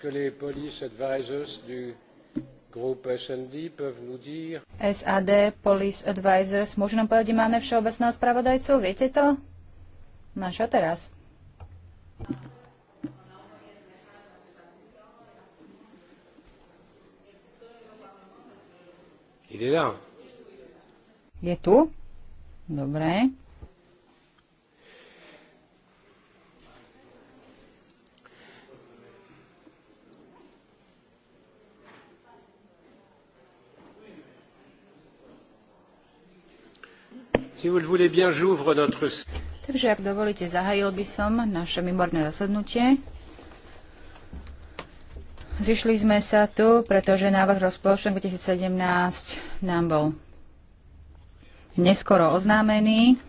Est-ce que les police advisors du groupe SND peuvent nous dire... SAD, Police Advisors, môžu nám povedať, máme všeobecného spravodajcu, viete to? Na čo teraz? Il est là. Je tu? Dobre. Takže ak dovolíte, zahajil by som naše mimorné zasadnutie. Zišli sme sa tu, pretože návrh rozpočtu 2017 nám bol neskoro oznámený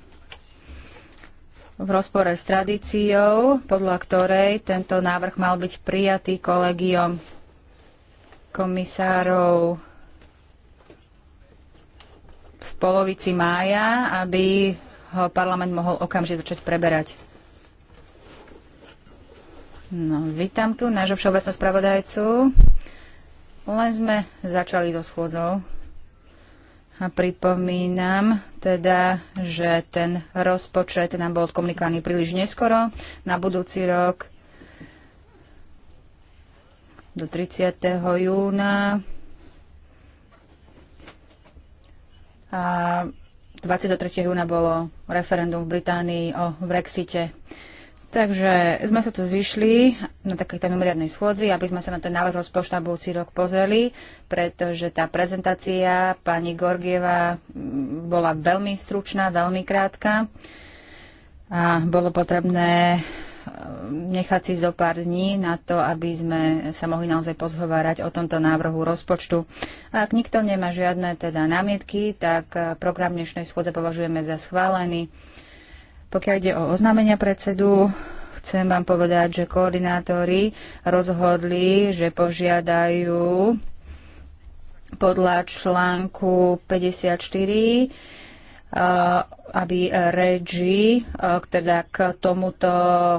v rozpore s tradíciou, podľa ktorej tento návrh mal byť prijatý kolegiom komisárov v polovici mája, aby ho parlament mohol okamžite začať preberať. No, vítam tu nášho všeobecného spravodajcu. Len sme začali so schôdzou. A pripomínam teda, že ten rozpočet nám bol odkomunikovaný príliš neskoro. Na budúci rok do 30. júna A 23. júna bolo referendum v Británii o Brexite. Takže sme sa tu zišli na takejto mimoriadnej schôdzi, aby sme sa na ten návrh rozpočtu na budúci rok pozreli, pretože tá prezentácia pani Gorgieva mm, bola veľmi stručná, veľmi krátka a bolo potrebné nechať si zo pár dní na to, aby sme sa mohli naozaj pozhovárať o tomto návrhu rozpočtu. A ak nikto nemá žiadne teda námietky, tak program dnešnej schôdze považujeme za schválený. Pokiaľ ide o oznámenia predsedu, chcem vám povedať, že koordinátori rozhodli, že požiadajú podľa článku 54 Eh, aby REGI eh, teda k tomuto,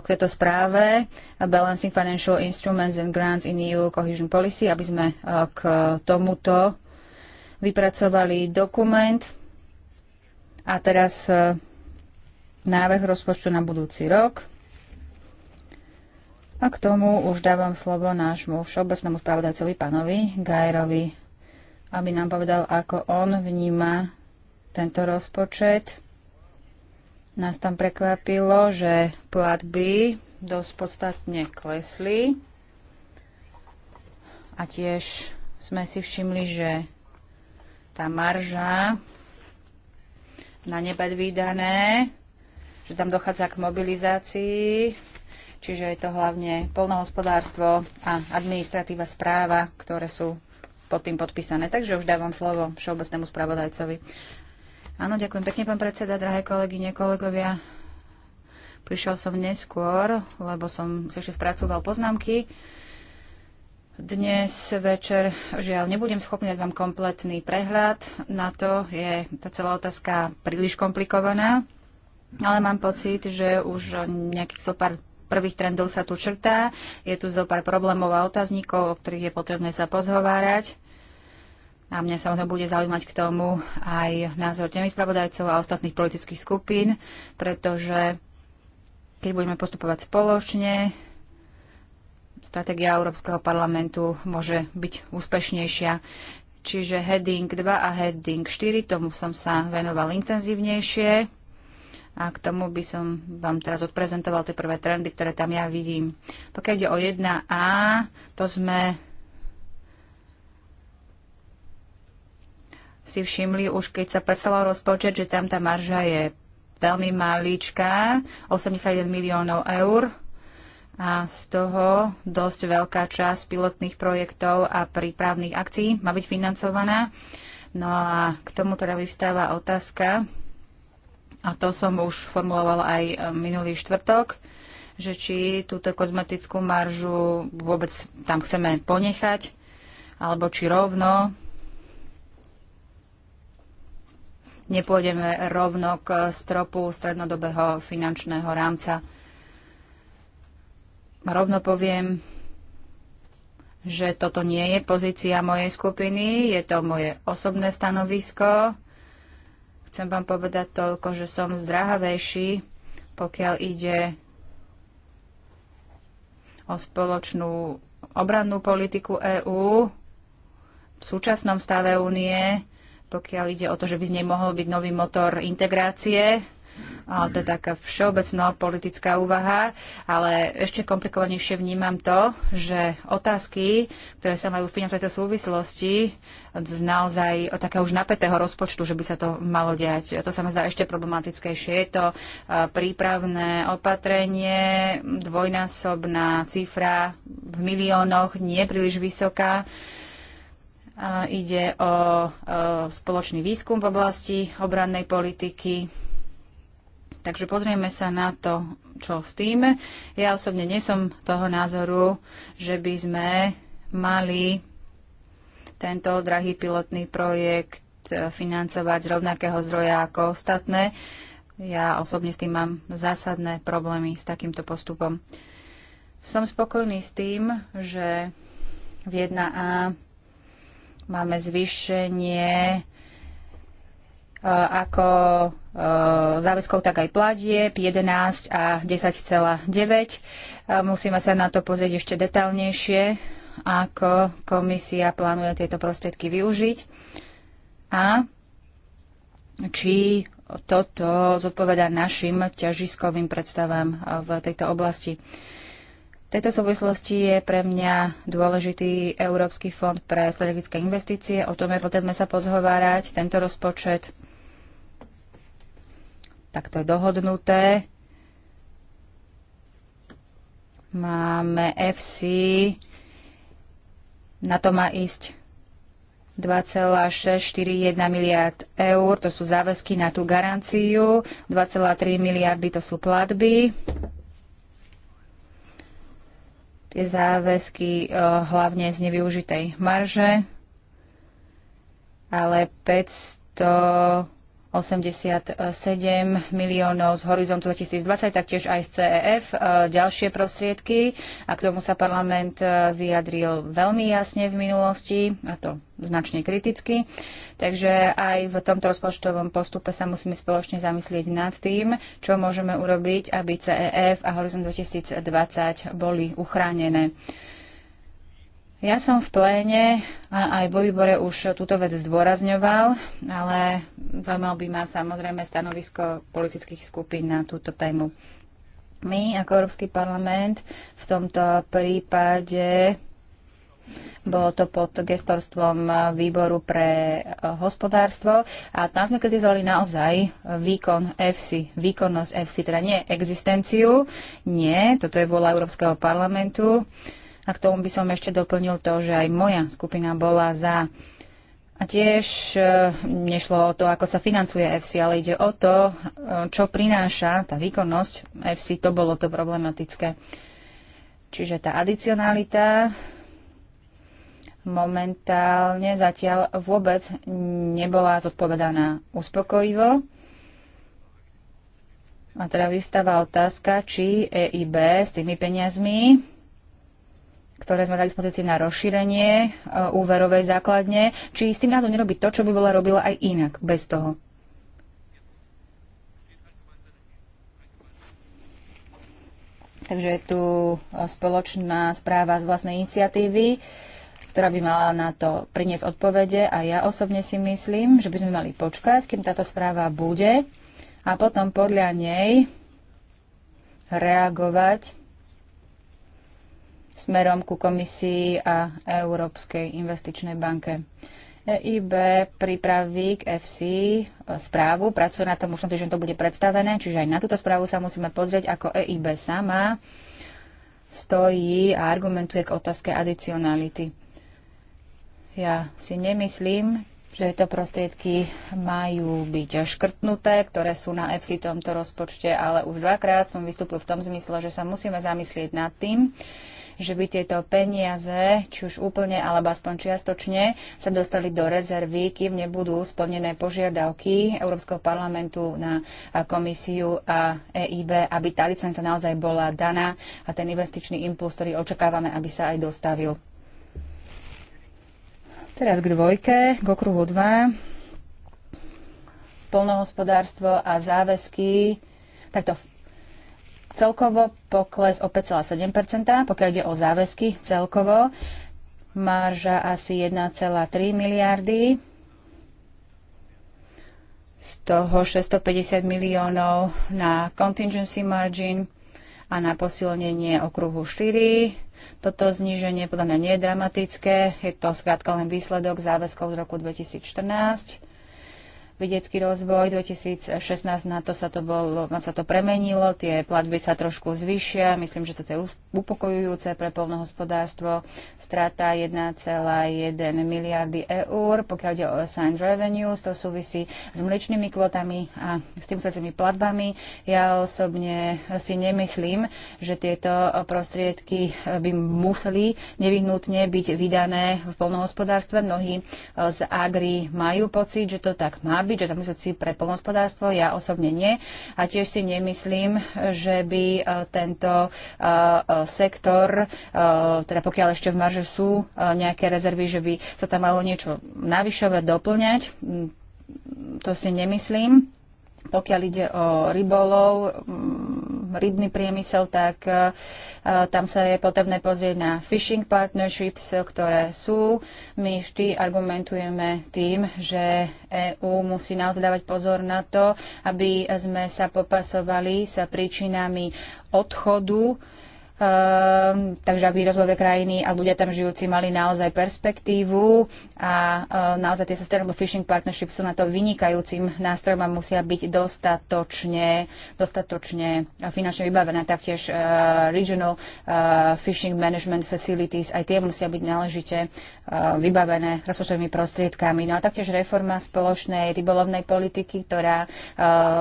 k tejto správe Balancing Financial Instruments and Grants in EU Cohesion Policy, aby sme eh, k tomuto vypracovali dokument a teraz návrh rozpočtu na budúci rok. A k tomu už dávam slovo nášmu všeobecnému spravodajcovi pánovi Gajerovi, aby nám povedal, ako on vníma tento rozpočet, nás tam prekvapilo, že platby dosť podstatne klesli a tiež sme si všimli, že tá marža na nebedvídané, že tam dochádza k mobilizácii, čiže je to hlavne polnohospodárstvo a administratíva správa, ktoré sú pod tým podpísané. Takže už dávam slovo všeobecnému spravodajcovi. Áno, ďakujem pekne, pán predseda, drahé kolegyne, kolegovia. Prišiel som neskôr, lebo som si ešte spracoval poznámky. Dnes večer žiaľ nebudem schopný dať vám kompletný prehľad. Na to je tá celá otázka príliš komplikovaná, ale mám pocit, že už nejakých so pár prvých trendov sa tu črtá. Je tu zo pár problémov a otáznikov, o ktorých je potrebné sa pozhovárať. A mňa samozrejme bude zaujímať k tomu aj názor temi spravodajcov a ostatných politických skupín, pretože keď budeme postupovať spoločne, stratégia Európskeho parlamentu môže byť úspešnejšia. Čiže heading 2 a heading 4, tomu som sa venoval intenzívnejšie. A k tomu by som vám teraz odprezentoval tie prvé trendy, ktoré tam ja vidím. Pokiaľ ide o 1A, to sme si všimli už, keď sa predstavoval rozpočet, že tam tá marža je veľmi maličká, 81 miliónov eur a z toho dosť veľká časť pilotných projektov a prípravných akcií má byť financovaná. No a k tomu teda vyvstáva otázka, a to som už formulovala aj e, minulý štvrtok, že či túto kozmetickú maržu vôbec tam chceme ponechať, alebo či rovno nepôjdeme rovno k stropu strednodobého finančného rámca. Rovno poviem, že toto nie je pozícia mojej skupiny, je to moje osobné stanovisko. Chcem vám povedať toľko, že som zdrahavejší, pokiaľ ide o spoločnú obrannú politiku EÚ v súčasnom stave únie pokiaľ ide o to, že by z nej mohol byť nový motor integrácie, to je taká všeobecná politická úvaha, ale ešte komplikovanejšie vnímam to, že otázky, ktoré sa majú v tejto súvislosti, z naozaj takého už napätého rozpočtu, že by sa to malo diať. To sa mi zdá ešte problematickejšie. Je to prípravné opatrenie, dvojnásobná cifra v miliónoch, nie príliš vysoká. Ide o spoločný výskum v oblasti obrannej politiky. Takže pozrieme sa na to, čo s tým. Ja osobne nesom toho názoru, že by sme mali tento drahý pilotný projekt financovať z rovnakého zdroja ako ostatné. Ja osobne s tým mám zásadné problémy s takýmto postupom. Som spokojný s tým, že v 1A Máme zvýšenie e, ako e, záväzkov, tak aj pladie, 11 a 10,9. E, musíme sa na to pozrieť ešte detálnejšie, ako komisia plánuje tieto prostriedky využiť a či toto zodpoveda našim ťažiskovým predstavám v tejto oblasti. V tejto súvislosti je pre mňa dôležitý Európsky fond pre strategické investície. O tom je potrebné sa pozhovárať. Tento rozpočet takto je dohodnuté. Máme FC, na to má ísť 2,641 miliard eur, to sú záväzky na tú garanciu, 2,3 miliardy to sú platby tie záväzky e, hlavne z nevyužitej marže, ale 500 87 miliónov z Horizontu 2020, taktiež aj z CEF, e, ďalšie prostriedky. A k tomu sa parlament e, vyjadril veľmi jasne v minulosti, a to značne kriticky. Takže aj v tomto rozpočtovom postupe sa musíme spoločne zamyslieť nad tým, čo môžeme urobiť, aby CEF a Horizont 2020 boli uchránené. Ja som v pléne a aj vo výbore už túto vec zdôrazňoval, ale zaujímal by ma samozrejme stanovisko politických skupín na túto tému. My ako Európsky parlament v tomto prípade bolo to pod gestorstvom výboru pre eh, hospodárstvo a tam sme kritizovali naozaj výkon EFSI, výkonnosť EFSI, teda nie existenciu, nie, toto je vola Európskeho parlamentu, a k tomu by som ešte doplnil to, že aj moja skupina bola za. A tiež e, nešlo o to, ako sa financuje FC, ale ide o to, e, čo prináša tá výkonnosť FC. To bolo to problematické. Čiže tá adicionalita momentálne zatiaľ vôbec nebola zodpovedaná uspokojivo. A teda vyvstáva otázka, či EIB s tými peniazmi ktoré sme na dispozícii na rozšírenie e, úverovej základne, či s tým nádom nerobiť to, čo by bola robila aj inak, bez toho. Takže je tu e, spoločná správa z vlastnej iniciatívy, ktorá by mala na to priniesť odpovede a ja osobne si myslím, že by sme mali počkať, kým táto správa bude a potom podľa nej reagovať smerom ku komisii a Európskej investičnej banke. EIB pripraví k FC správu, pracuje na tom, už na týždeň to bude predstavené, čiže aj na túto správu sa musíme pozrieť, ako EIB sama stojí a argumentuje k otázke adicionality. Ja si nemyslím, že tieto prostriedky majú byť škrtnuté, ktoré sú na EFSI tomto rozpočte, ale už dvakrát som vystúpil v tom zmysle, že sa musíme zamyslieť nad tým, že by tieto peniaze, či už úplne alebo aspoň čiastočne, sa dostali do rezervy, kým nebudú splnené požiadavky Európskeho parlamentu na komisiu a EIB, aby tá licenca naozaj bola daná a ten investičný impuls, ktorý očakávame, aby sa aj dostavil. Teraz k dvojke, k okruhu 2. Polnohospodárstvo a záväzky, takto v Celkovo pokles o 5,7%, pokiaľ ide o záväzky celkovo, marža asi 1,3 miliardy, z toho 650 miliónov na contingency margin a na posilnenie okruhu 4. Toto zníženie podľa mňa nie je dramatické, je to skrátka len výsledok záväzkov z roku 2014 vedecký rozvoj 2016, na to sa to, bolo, sa to premenilo, tie platby sa trošku zvyšia, myslím, že toto je upokojujúce pre polnohospodárstvo, strata 1,1 miliardy eur, pokiaľ ide o assigned revenues, to súvisí s mliečnými kvotami a s tým súvisiacimi platbami. Ja osobne si nemyslím, že tieto prostriedky by museli nevyhnutne byť vydané v polnohospodárstve. Mnohí z Agri majú pocit, že to tak má byť robiť, že tam sú pre polnospodárstvo, ja osobne nie. A tiež si nemyslím, že by e, tento e, e, sektor, teda pokiaľ ešte v marže sú nejaké rezervy, že by sa tam malo niečo navyšovať, doplňať. Mm, to si nemyslím. Pokiaľ ide o rybolov, mm, rybný priemysel, tak e, e, tam sa je potrebné pozrieť na fishing partnerships, ktoré sú. My vždy argumentujeme tým, že EÚ musí naozaj dávať pozor na to, aby sme sa popasovali sa príčinami odchodu Ehm, takže aby rozvojové krajiny a ľudia tam žijúci mali naozaj perspektívu a eh, naozaj tie Sustainable Fishing Partnership sú na to vynikajúcim nástrojom a musia byť dostatočne, dostatočne finančne vybavené. Taktiež eh, Regional Fishing eh, Management Facilities, aj tie musia byť náležite vybavené rozpočtovými prostriedkami. No a taktiež reforma spoločnej rybolovnej politiky, ktorá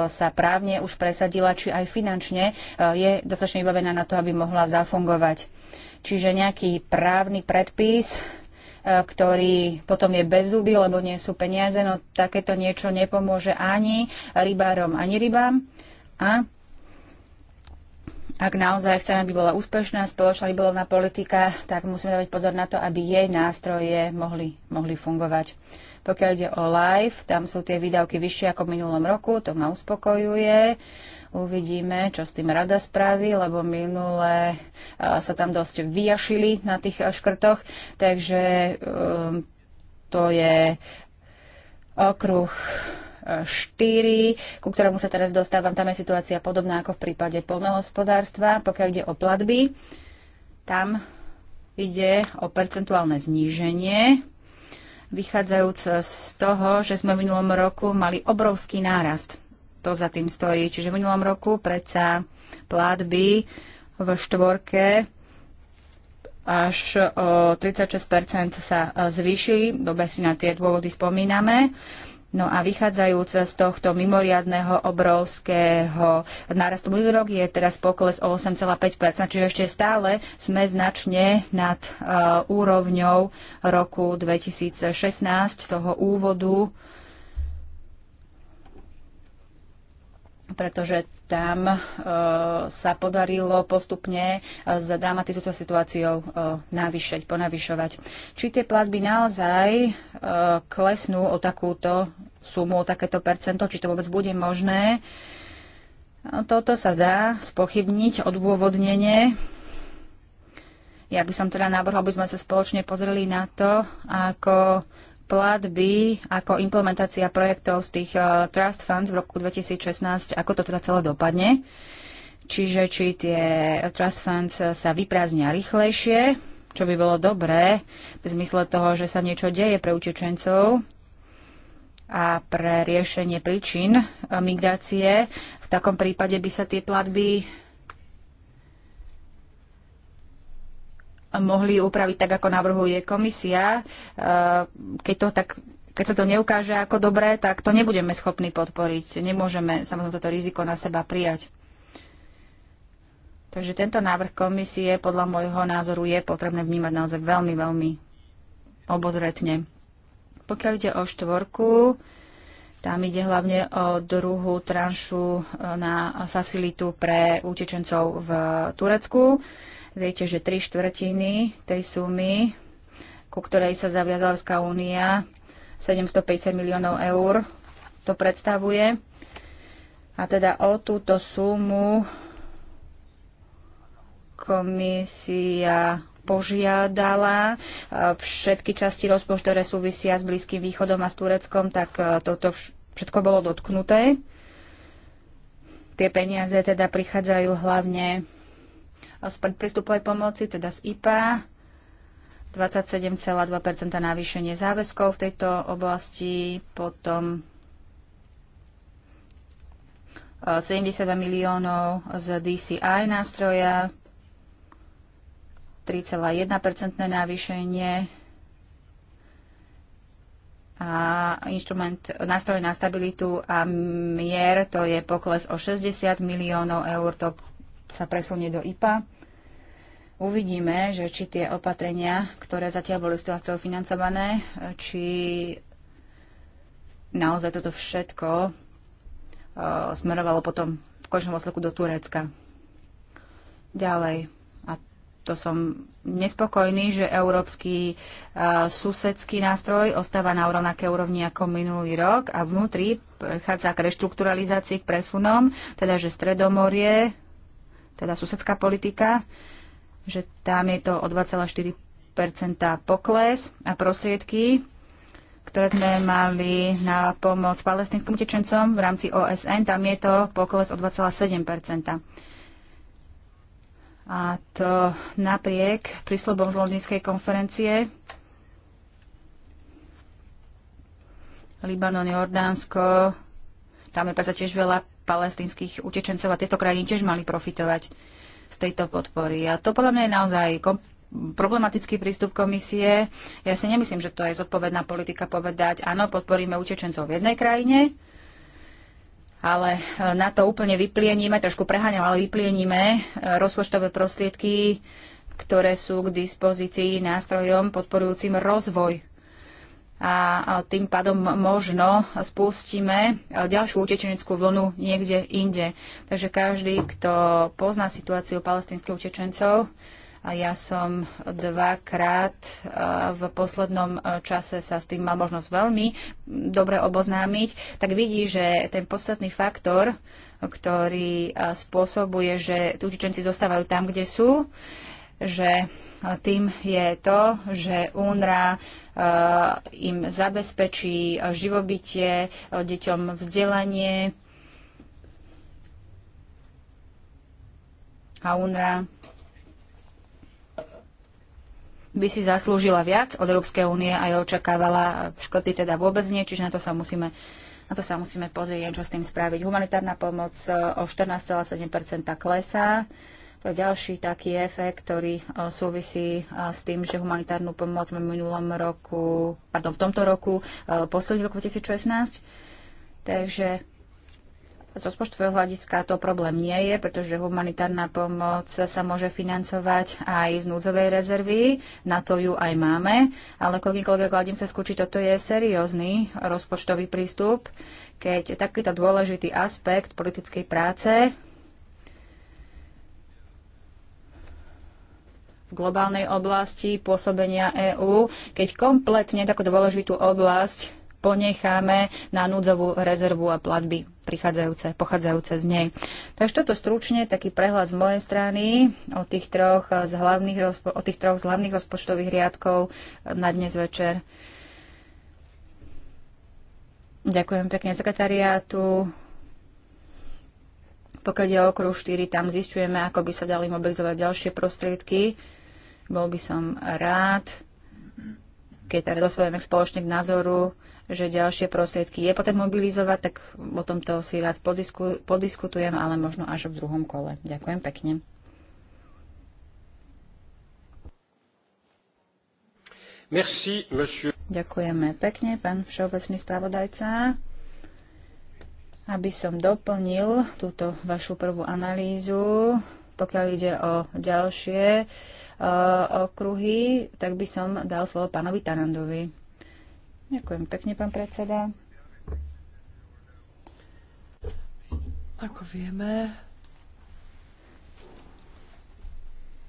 sa právne už presadila, či aj finančne, je dostatočne vybavená na to, aby mohla zafungovať. Čiže nejaký právny predpis, e, ktorý potom je bez zuby, lebo nie sú peniaze, no takéto niečo nepomôže ani rybárom, ani rybám. A ak naozaj chceme, aby bola úspešná spoločná rybolovná politika, tak musíme dávať pozor na to, aby jej nástroje mohli, mohli fungovať. Pokiaľ ide o live, tam sú tie výdavky vyššie ako v minulom roku, to ma uspokojuje. Uh, Uvidíme, čo s tým rada spraví, lebo minule sa tam dosť vyjašili na tých škrtoch, takže um, to je okruh 4, ku ktorému sa teraz dostávam. Tam je situácia podobná ako v prípade polnohospodárstva. Pokiaľ ide o platby, tam ide o percentuálne zníženie, vychádzajúc z toho, že sme v minulom roku mali obrovský nárast to za tým stojí. Čiže v minulom roku predsa platby v štvorke až o 36 sa e, zvýšili. Dobre si na tie dôvody spomíname. No a vychádzajúc z tohto mimoriadného obrovského nárastu minulý rok je teraz pokles o 8,5%, čiže ešte stále sme značne nad uh, úrovňou roku 2016, toho úvodu uh, pretože tam e, sa podarilo postupne e, zadámať túto situáciou e, navyšať, ponavyšovať. Či tie platby naozaj klesnú o takúto sumu, o takéto percento, či to vôbec bude možné, no, toto sa dá spochybniť odôvodnenie. Ja by som teda navrhla, aby sme sa spoločne pozreli na to, ako platby ako implementácia projektov z tých uh, Trust Funds v roku 2016, ako to teda celé dopadne. Čiže či tie Trust Funds eh, sa vyprázdnia rýchlejšie, čo by bolo dobré v zmysle toho, že sa niečo deje pre utečencov a pre riešenie príčin eh, migrácie. V takom prípade by sa tie platby mohli upraviť tak, ako navrhuje komisia. E, keď, to tak, keď sa to neukáže ako dobré, tak to nebudeme schopní podporiť. Nemôžeme samozrejme toto riziko na seba prijať. Takže tento návrh komisie podľa môjho názoru je potrebné vnímať naozaj veľmi, veľmi obozretne. Pokiaľ ide o štvorku, tam ide hlavne o druhú tranšu na facilitu pre utečencov v Turecku. Viete, že tri štvrtiny tej sumy, ku ktorej sa zaviazala Európska únia, 750 miliónov eur to predstavuje. A teda o túto sumu komisia požiadala e, všetky časti rozpočtu, ktoré súvisia s Blízkym východom a s Tureckom, tak e, toto všetko bolo dotknuté. Tie peniaze teda prichádzajú hlavne z predpristupovej pomoci, teda z IPA. 27,2 navýšenie záväzkov v tejto oblasti, potom 72 e, miliónov z DCI nástroja, 3,1 navýšenie a instrument nástroj na stabilitu a mier, to je pokles o 60 miliónov eur, to sa presunie do IPA. Uvidíme, že či tie opatrenia, ktoré zatiaľ boli z toho financované, či naozaj toto všetko uh, smerovalo potom v končnom osloku do Turecka. Ďalej. A to som nespokojný, že európsky uh, susedský nástroj ostáva na rovnaké úrovni ako minulý rok a vnútri prechádza k reštrukturalizácii, k presunom, teda že Stredomorie teda susedská politika, že tam je to o 2,4 pokles a prostriedky, ktoré sme mali na pomoc palestinským utečencom v rámci OSN, tam je to pokles o 2,7 a to napriek prísľubom z londýnskej konferencie Libanon, Jordánsko, tam je predsa tiež veľa palestinských utečencov a tieto krajiny tiež mali profitovať z tejto podpory. A to podľa mňa je naozaj problematický prístup komisie. Ja si nemyslím, že to je zodpovedná politika povedať, áno, podporíme utečencov v jednej krajine, ale e, na to úplne vyplieníme, trošku preháňam, ale vyplieníme e, rozpočtové prostriedky, ktoré sú k dispozícii nástrojom podporujúcim rozvoj a tým pádom možno spustíme ďalšiu utečeneckú vlnu niekde inde. Takže každý, kto pozná situáciu palestinských utečencov, a ja som dvakrát v poslednom čase sa s tým mal možnosť veľmi dobre oboznámiť, tak vidí, že ten podstatný faktor, ktorý spôsobuje, že tí utečenci zostávajú tam, kde sú, že tým je to, že UNRA e, im zabezpečí živobytie, e, deťom vzdelanie a UNRA by si zaslúžila viac od Európskej únie a je očakávala škody teda vôbec nie, čiže na to sa musíme na to sa musíme pozrieť, čo s tým spraviť. Humanitárna pomoc e, o 14,7% klesá to je ďalší taký efekt, ktorý e, súvisí e, s tým, že humanitárnu pomoc sme v minulom roku, pardon, v tomto roku, e, posledný roku 2016. Takže z rozpočtového hľadiska to problém nie je, pretože humanitárna pomoc sa môže financovať aj z núdzovej rezervy, na to ju aj máme, ale koľkýkoľvek kladím sa skúčiť toto je seriózny rozpočtový prístup, keď takýto dôležitý aspekt politickej práce v globálnej oblasti pôsobenia EÚ, keď kompletne takú dôležitú oblasť ponecháme na núdzovú rezervu a platby prichádzajúce, pochádzajúce z nej. Takže toto stručne, taký prehľad z mojej strany o tých troch z hlavných, o tých troch z hlavných rozpočtových riadkov na dnes večer. Ďakujem pekne sekretariátu. Pokiaľ je okruh 4, tam zistujeme, ako by sa dali mobilizovať ďalšie prostriedky bol by som rád, keď teda dospojeme spoločne k názoru, že ďalšie prostriedky je potrebné mobilizovať, tak o tomto si rád podisku, podiskutujem, ale možno až v druhom kole. Ďakujem pekne. Merci, monsieur. Ďakujeme pekne, pán všeobecný spravodajca. Aby som doplnil túto vašu prvú analýzu, pokiaľ ide o ďalšie Eh, okruhy, tak by som dal slovo pánovi Tanandovi. Ďakujem pekne, pán predseda. Ako vieme,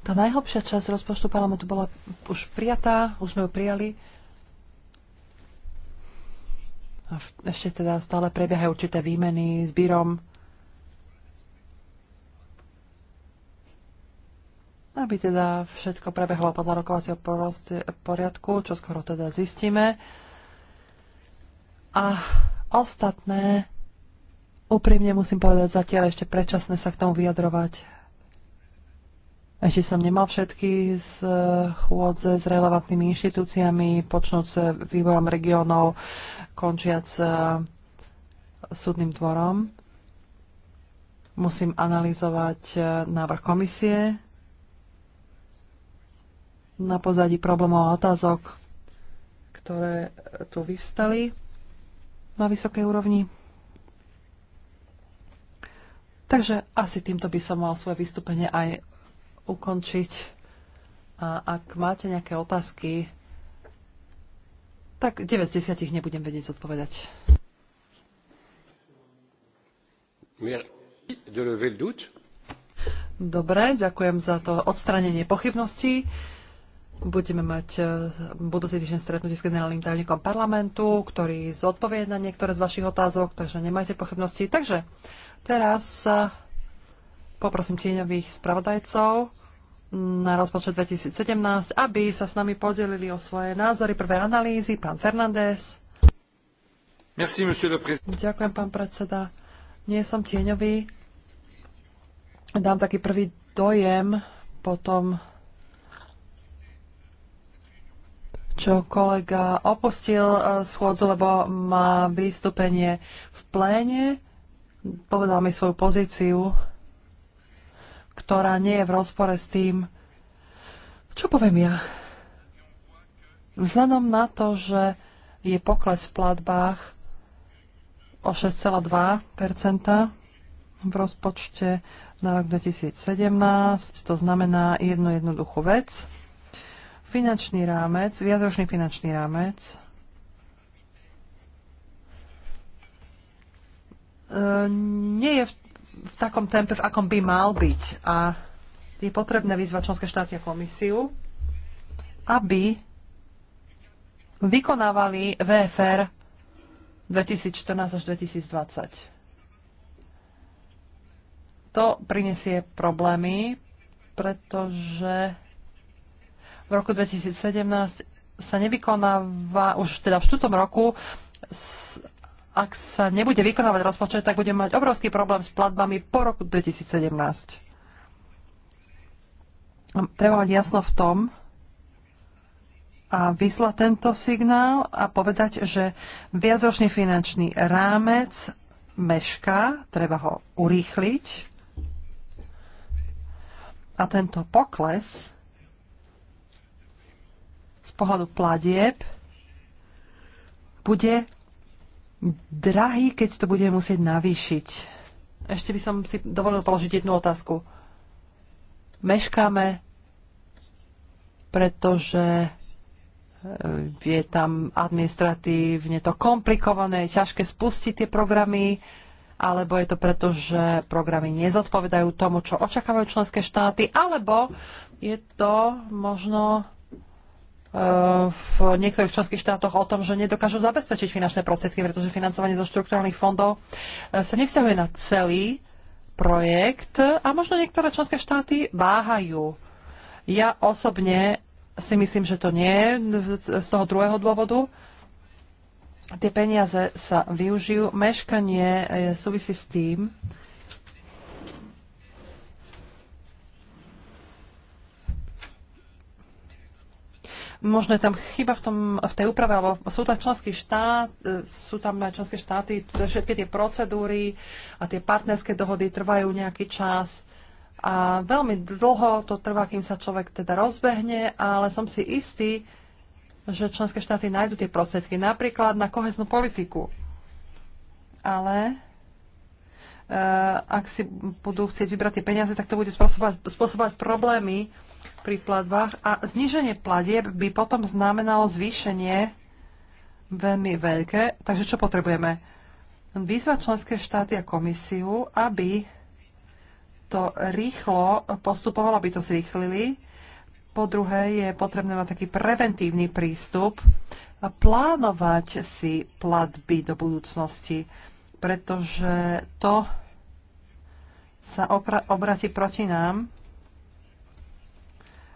tá najhlbšia časť rozpočtu parlamentu bola už prijatá, už sme ju prijali. A ešte teda stále prebiehajú určité výmeny s Bírom aby teda všetko prebehlo podľa rokovacieho poriadku, čo skoro teda zistíme. A ostatné, úprimne musím povedať, zatiaľ ešte predčasné sa k tomu vyjadrovať. Ešte som nemal všetky z eh, chôdze s relevantnými inštitúciami, počnúť sa výborom regiónov, končiac eh, súdnym dvorom. Musím analyzovať eh, návrh komisie, na pozadí problémov a otázok, ktoré tu vyvstali na vysokej úrovni. Takže asi týmto by som mal svoje vystúpenie aj ukončiť. A ak máte nejaké otázky, tak 9 z 10 nebudem vedieť zodpovedať. Dobre, ďakujem za to odstranenie pochybností budeme mať e, budúci týždeň stretnutie s generálnym tajomníkom parlamentu, ktorý zodpovie na niektoré z vašich otázok, takže nemajte pochybnosti. Takže teraz e, poprosím tieňových spravodajcov na rozpočet 2017, aby sa s nami podelili o svoje názory, prvé analýzy. Pán Fernández. Merci, monsieur le président. Ďakujem, pán predseda. Nie som tieňový. Dám taký prvý dojem potom. čo kolega opustil e, schôdzu, lebo má vystúpenie v pléne. Povedal mi svoju pozíciu, ktorá nie je v rozpore s tým, čo poviem ja. Vzhľadom na to, že je pokles v platbách o 6,2 v rozpočte na rok 2017, to znamená jednu jednoduchú vec – finančný rámec, viacročný finančný rámec e, nie je v, v takom tempe, v akom by mal byť. A je potrebné vyzvať členské štáty a komisiu, aby vykonávali VFR 2014 až 2020. To prinesie problémy, pretože v roku 2017 sa nevykonáva, už teda v štutom roku, ak sa nebude vykonávať rozpočet, tak budeme mať obrovský problém s platbami po roku 2017. Treba mať jasno v tom a vyslať tento signál a povedať, že viacročný finančný rámec meška, treba ho urýchliť a tento pokles z pohľadu platieb bude drahý, keď to budeme musieť navýšiť. Ešte by som si dovolil položiť jednu otázku. Meškáme, pretože e, je tam administratívne to komplikované, ťažké spustiť tie programy, alebo je to preto, že programy nezodpovedajú tomu, čo očakávajú členské štáty, alebo je to možno v niektorých členských štátoch o tom, že nedokážu zabezpečiť finančné prostriedky, pretože financovanie zo štrukturálnych fondov eh, sa nevzťahuje na celý projekt a možno niektoré členské štáty váhajú. Ja osobne si myslím, že to nie z toho druhého dôvodu. Tie peniaze sa využijú. Meškanie eh, súvisí s tým, možno je tam chyba v, tom, v tej úprave, alebo sú tam členské štát, e, sú tam aj členské štáty, teda všetky tie procedúry a tie partnerské dohody trvajú nejaký čas a veľmi dlho to trvá, kým sa človek teda rozbehne, ale som si istý, že členské štáty nájdú tie prostriedky, napríklad na koheznú politiku. Ale e, ak si budú chcieť vybrať tie peniaze, tak to bude spôsobovať, spôsobovať problémy pri platbách a zníženie platieb by potom znamenalo zvýšenie veľmi veľké. Takže čo potrebujeme? Výzvať členské štáty a komisiu, aby to rýchlo postupovalo, aby to zrýchlili. Po druhé je potrebné mať taký preventívny prístup a plánovať si platby do budúcnosti, pretože to sa obratí proti nám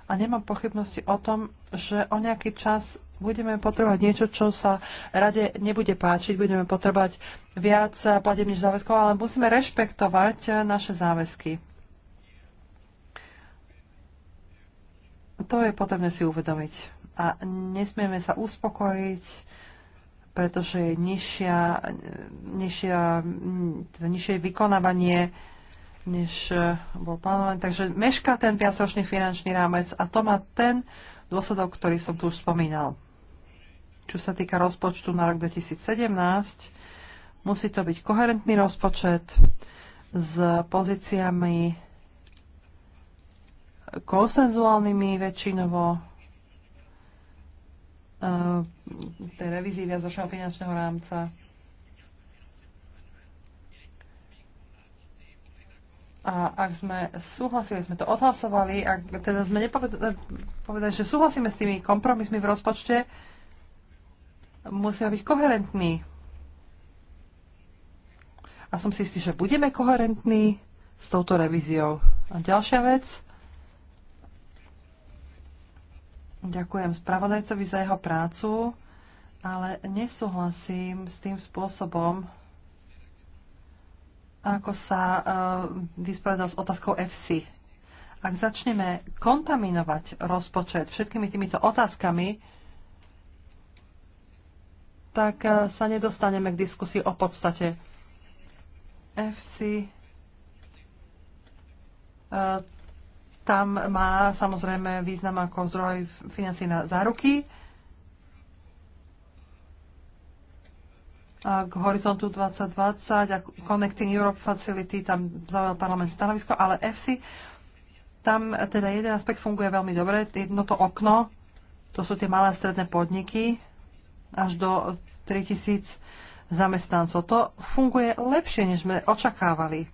a nemám pochybnosti o tom, že o nejaký čas budeme potrebovať niečo, čo sa rade nebude páčiť, budeme potrebovať viac platebných záväzkov, ale musíme rešpektovať naše záväzky. To je potrebné si uvedomiť. A nesmieme sa uspokojiť, pretože je nižšia, nižšia, teda nižšie vykonávanie než eh, bol plánovaný. Takže meška ten viacročný finančný rámec a to má ten dôsledok, ktorý som tu už spomínal. Čo sa týka rozpočtu na rok 2017, musí to byť koherentný rozpočet s pozíciami konsenzuálnymi väčšinovo eh, tej revízii viacročného finančného rámca A ak sme súhlasili, sme to odhlasovali, ak teda sme nepovedali, e, že súhlasíme s tými kompromismi v rozpočte, musíme byť koherentní. A som si istý, že budeme koherentní s touto revíziou. A ďalšia vec. Ďakujem spravodajcovi za jeho prácu, ale nesúhlasím s tým spôsobom, ako sa eh, vyspovedal s otázkou FC. Ak začneme kontaminovať rozpočet všetkými týmito otázkami, tak eh, sa nedostaneme k diskusii o podstate. FC eh, tam má samozrejme význam ako zdroj financí na záruky, k Horizontu 2020 a Connecting Europe Facility, tam zaujal parlament stanovisko, ale EFSI, tam teda jeden aspekt funguje veľmi dobre, jedno to okno, to sú tie malé a stredné podniky, až do 3000 zamestnancov. To funguje lepšie, než sme očakávali.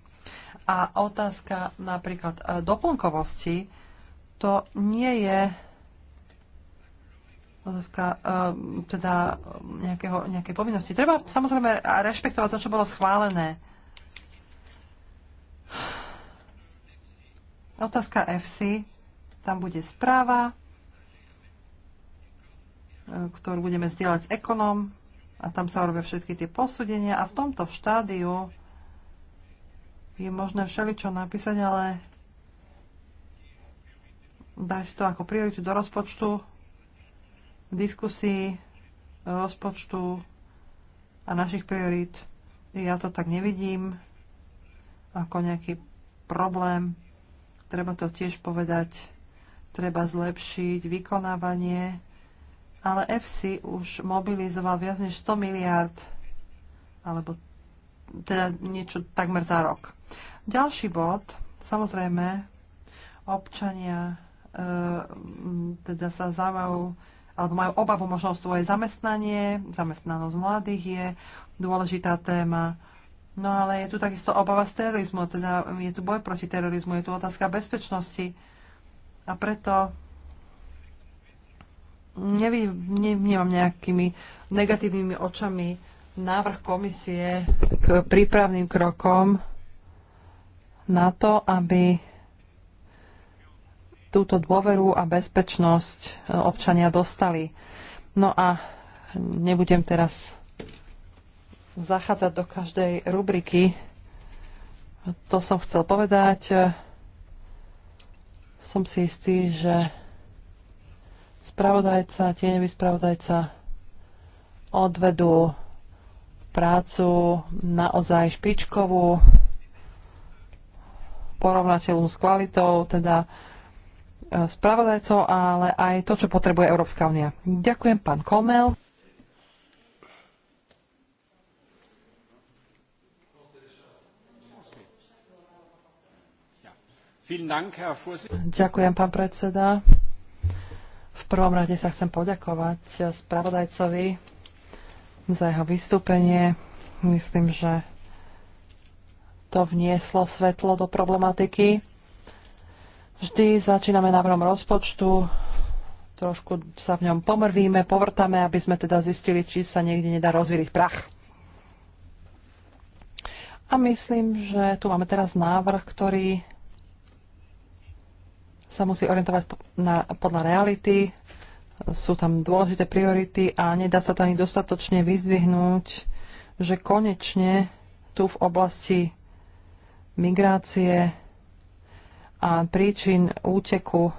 A otázka napríklad e, doplnkovosti, to nie je otázka ehm, teda ehm, nejakého, nejakej povinnosti. Treba samozrejme rešpektovať to, čo bolo schválené. Otázka FC. Tam bude správa, ehm, ktorú budeme zdieľať s ekonom a tam sa robia všetky tie posúdenia a v tomto štádiu je možné všeličo napísať, ale dať to ako prioritu do rozpočtu diskusii rozpočtu a našich priorít. Ja to tak nevidím ako nejaký problém. Treba to tiež povedať. Treba zlepšiť vykonávanie. Ale FC už mobilizoval viac než 100 miliard, alebo teda niečo takmer za rok. Ďalší bod, samozrejme, občania e, teda sa zaujímajú alebo majú obavu možno svoje zamestnanie, zamestnanosť mladých je dôležitá téma. No ale je tu takisto obava z terorizmu, teda je tu boj proti terorizmu, je tu otázka bezpečnosti. A preto nevy, nevnímam nejakými negatívnymi očami návrh komisie k prípravným krokom na to, aby túto dôveru a bezpečnosť e, občania dostali. No a nebudem teraz zachádzať do každej rubriky. To som chcel povedať. E, som si istý, že spravodajca, tieňový spravodajca odvedú prácu naozaj špičkovú, porovnateľnú s kvalitou, teda spravodajcov, ale aj to, čo potrebuje Európska únia. Ďakujem, pán Komel. Ďakujem, pán predseda. V prvom rade sa chcem poďakovať spravodajcovi za jeho vystúpenie. Myslím, že to vnieslo svetlo do problematiky. Vždy začíname návrhom rozpočtu, trošku sa v ňom pomrvíme, povrtame, aby sme teda zistili, či sa niekde nedá rozvíriť prach. A myslím, že tu máme teraz návrh, ktorý sa musí orientovať na, podľa reality. Sú tam dôležité priority a nedá sa to ani dostatočne vyzdvihnúť, že konečne tu v oblasti migrácie a príčin úteku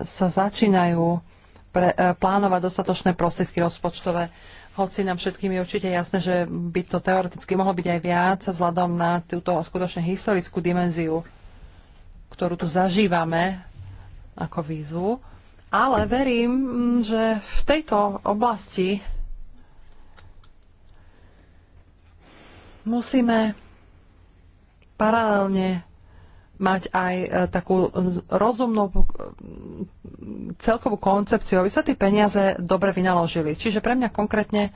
sa začínajú pre, e, plánovať dostatočné prostriedky rozpočtové. Hoci nám všetkým je určite jasné, že by to teoreticky mohlo byť aj viac vzhľadom na túto skutočne historickú dimenziu, ktorú tu zažívame ako výzvu. Ale verím, že v tejto oblasti musíme paralelne mať aj e, takú rozumnú e, celkovú koncepciu, aby sa tie peniaze dobre vynaložili. Čiže pre mňa konkrétne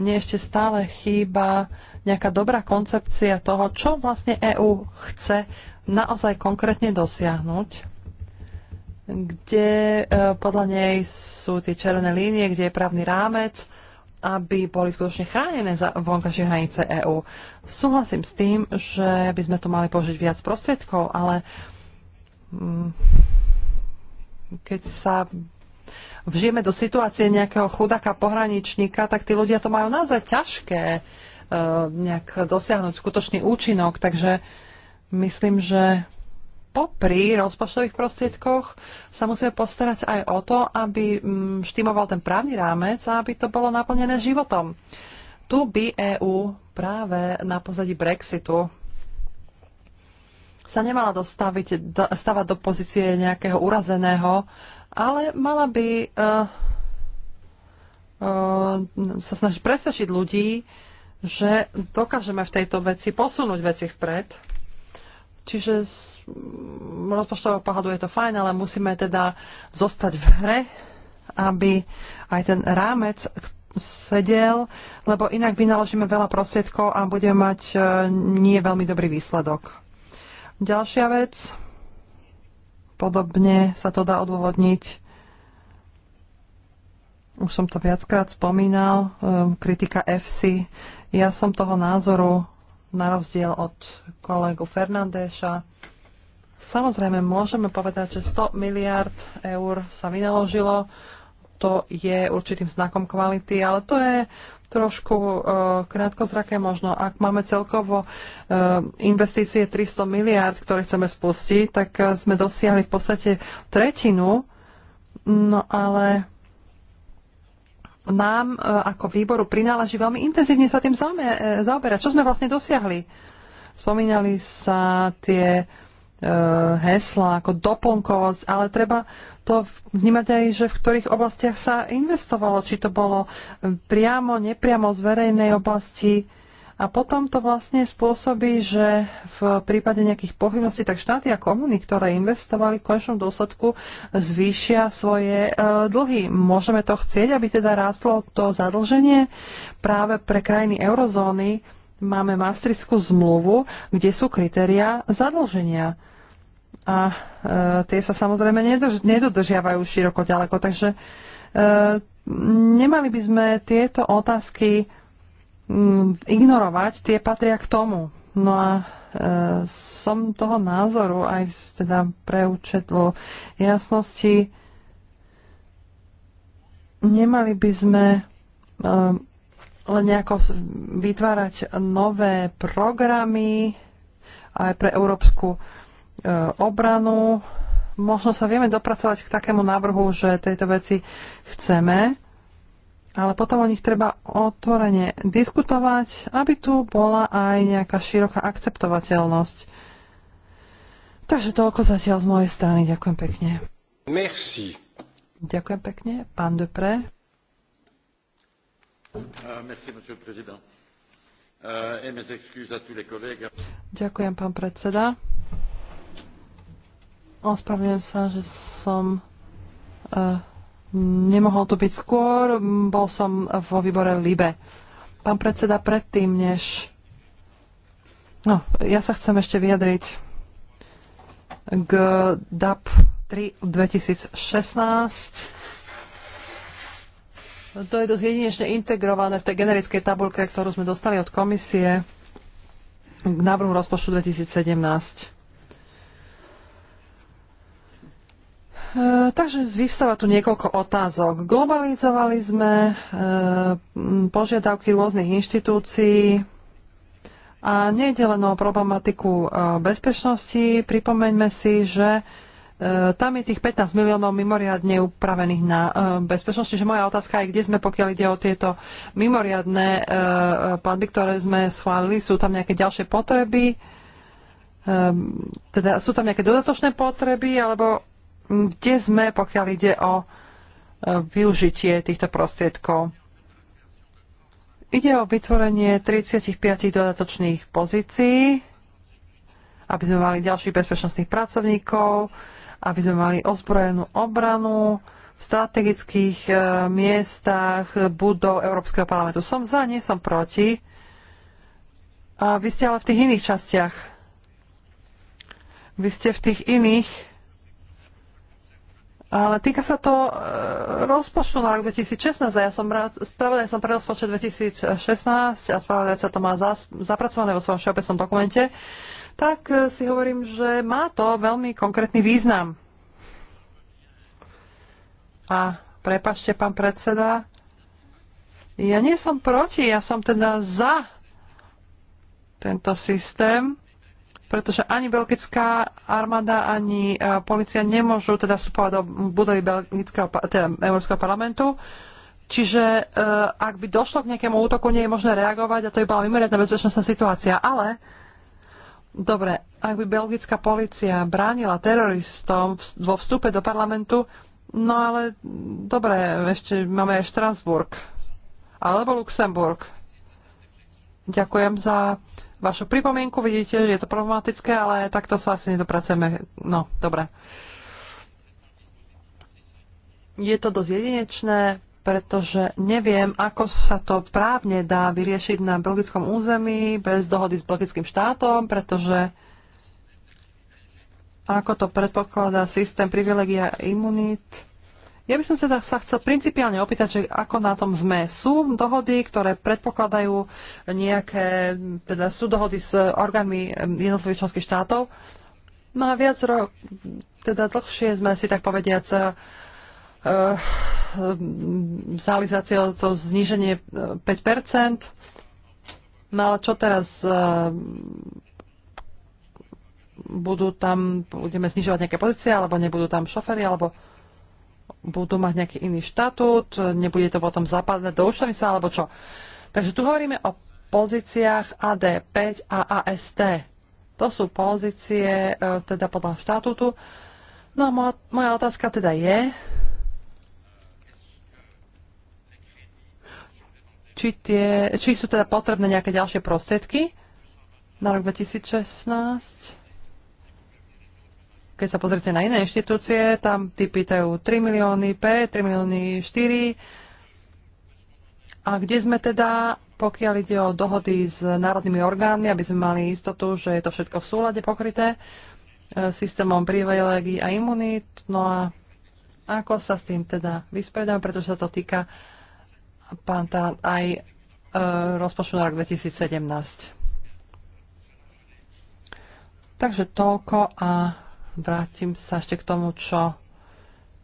mne ešte stále chýba nejaká dobrá koncepcia toho, čo vlastne EÚ chce naozaj konkrétne dosiahnuť, kde e, podľa nej sú tie červené línie, kde je právny rámec, aby boli skutočne chránené za vonkajšie hranice EÚ. Súhlasím s tým, že by sme tu mali použiť viac prostriedkov, ale mm, keď sa vžijeme do situácie nejakého chudáka pohraničníka, tak tí ľudia to majú naozaj ťažké e, nejak dosiahnuť skutočný účinok, takže myslím, že popri rozpočtových prostriedkoch sa musíme postarať aj o to, aby mm, štimoval ten právny rámec a aby to bolo naplnené životom. Tu by EÚ práve na pozadí Brexitu sa nemala dostaviť, stavať do pozície nejakého urazeného, ale mala by uh, uh, sa snažiť presvedčiť ľudí, že dokážeme v tejto veci posunúť veci vpred Čiže z mm, rozpočtového pohľadu je to fajn, ale musíme teda zostať v hre, aby aj ten rámec sedel, lebo inak vynaložíme veľa prostriedkov a budeme mať e, nie veľmi dobrý výsledok. Ďalšia vec, podobne sa to dá odôvodniť, už som to viackrát spomínal, e, kritika FC. Ja som toho názoru, na rozdiel od kolegu Fernandéša. Samozrejme, môžeme povedať, že 100 miliard eur sa vynaložilo. To je určitým znakom kvality, ale to je trošku e, krátkozraké možno. Ak máme celkovo e, investície 300 miliard, ktoré chceme spustiť, tak e, sme dosiahli v podstate tretinu. No ale nám e, ako výboru prináleží veľmi intenzívne sa tým e, zaoberať. Čo sme vlastne dosiahli? Spomínali sa tie e, hesla ako doplnkovosť, ale treba to vnímať aj, že v ktorých oblastiach sa investovalo, či to bolo priamo, nepriamo z verejnej oblasti, a potom to vlastne spôsobí, že v prípade nejakých pochybností, tak štáty a komuny, ktoré investovali v končnom dôsledku, zvýšia svoje e, dlhy. Môžeme to chcieť, aby teda rástlo to zadlženie práve pre krajiny eurozóny. Máme Maastrichtskú zmluvu, kde sú kritéria zadlženia. A e, tie sa samozrejme nedrž- nedodržiavajú široko ďaleko. Takže e, nemali by sme tieto otázky ignorovať, tie patria k tomu. No a e, som toho názoru, aj teda pre jasnosti, nemali by sme e, len nejako vytvárať nové programy aj pre európsku e, obranu. Možno sa vieme dopracovať k takému návrhu, že tejto veci chceme ale potom o nich treba otvorene diskutovať, aby tu bola aj nejaká široká akceptovateľnosť. Takže toľko zatiaľ z mojej strany. Ďakujem pekne. Merci. Ďakujem pekne. Pán Depre. Euh, euh, Ďakujem, pán predseda. Ospravedlňujem sa, že som uh, Nemohol to byť skôr, bol som vo výbore LIBE. Pán predseda, predtým, než... No, ja sa chcem ešte vyjadriť k DAP 3 2016. To je dosť jedinečne integrované v tej generickej tabulke, ktorú sme dostali od komisie k návrhu rozpočtu 2017. Eh, takže vyvstáva tu niekoľko otázok. Globalizovali sme eh, požiadavky rôznych inštitúcií a nejde len o problematiku eh, bezpečnosti. Pripomeňme si, že tam je tých 15 miliónov mimoriadne upravených na bezpečnosti. Čiže moja otázka je, kde sme, pokiaľ ide o tieto mimoriadne platby, ktoré sme schválili. Sú tam nejaké ďalšie potreby? Ehm, teda sú tam nejaké dodatočné potreby, alebo kde sme, pokiaľ ide o e, využitie týchto prostriedkov. Ide o vytvorenie 35 dodatočných pozícií, aby sme mali ďalších bezpečnostných pracovníkov, aby sme mali ozbrojenú obranu v strategických e, miestach budov Európskeho parlamentu. Som za, nie som proti. A vy ste ale v tých iných častiach. Vy ste v tých iných ale týka sa to e, rozpočtu na rok 2016 a ja som rád, spravodaj som pre rozpočet 2016 a spravodaj sa to má zas, zapracované vo svojom všeobecnom dokumente, tak e, si hovorím, že má to veľmi konkrétny význam. A prepašte, pán predseda, ja nie som proti, ja som teda za tento systém pretože ani belgická armáda, ani e, policia nemôžu teda vstupovať do budovy belgického, teda Európskeho parlamentu. Čiže e, ak by došlo k nejakému útoku, nie je možné reagovať a to je bola mimoriadná bezpečnostná situácia. Ale Dobre, ak by belgická policia bránila teroristom vo vstupe do parlamentu, no ale dobre, ešte máme aj Štrasburg alebo Luxemburg. Ďakujem za vašu pripomienku. Vidíte, že je to problematické, ale takto sa asi nedopracujeme. No, dobre. Je to dosť jedinečné, pretože neviem, ako sa to právne dá vyriešiť na belgickom území bez dohody s belgickým štátom, pretože ako to predpokladá systém privilegia imunit. Ja by som teda sa chcel principiálne opýtať, že ako na tom sme. Sú dohody, ktoré predpokladajú nejaké, teda sú dohody s orgánmi jednotlivých členských štátov. No a viac rok, teda dlhšie sme si tak povediac uh, eh, vzali za cieľ to zníženie 5%. Eh, no ale čo teraz uh, budú tam, budeme znižovať nejaké pozície, alebo nebudú tam šofery, alebo budú mať nejaký iný štatút, nebude to potom zapadať do účtovníctva alebo čo. Takže tu hovoríme o pozíciách AD5 a AST. To sú pozície e, teda podľa štatútu. No a moja, moja otázka teda je, či, tie, či sú teda potrebné nejaké ďalšie prostriedky na rok 2016. Keď sa pozrite na iné inštitúcie, tam tí pýtajú 3 milióny P, 3 milióny 4. A kde sme teda, pokiaľ ide o dohody s národnými orgánmi, aby sme mali istotu, že je to všetko v súlade pokryté e, systémom privilegií a imunít. No a ako sa s tým teda vyspredám, pretože sa to týka pán Tarant, aj e, rozpočtu na rok 2017. Takže toľko a Vrátim sa ešte k tomu, čo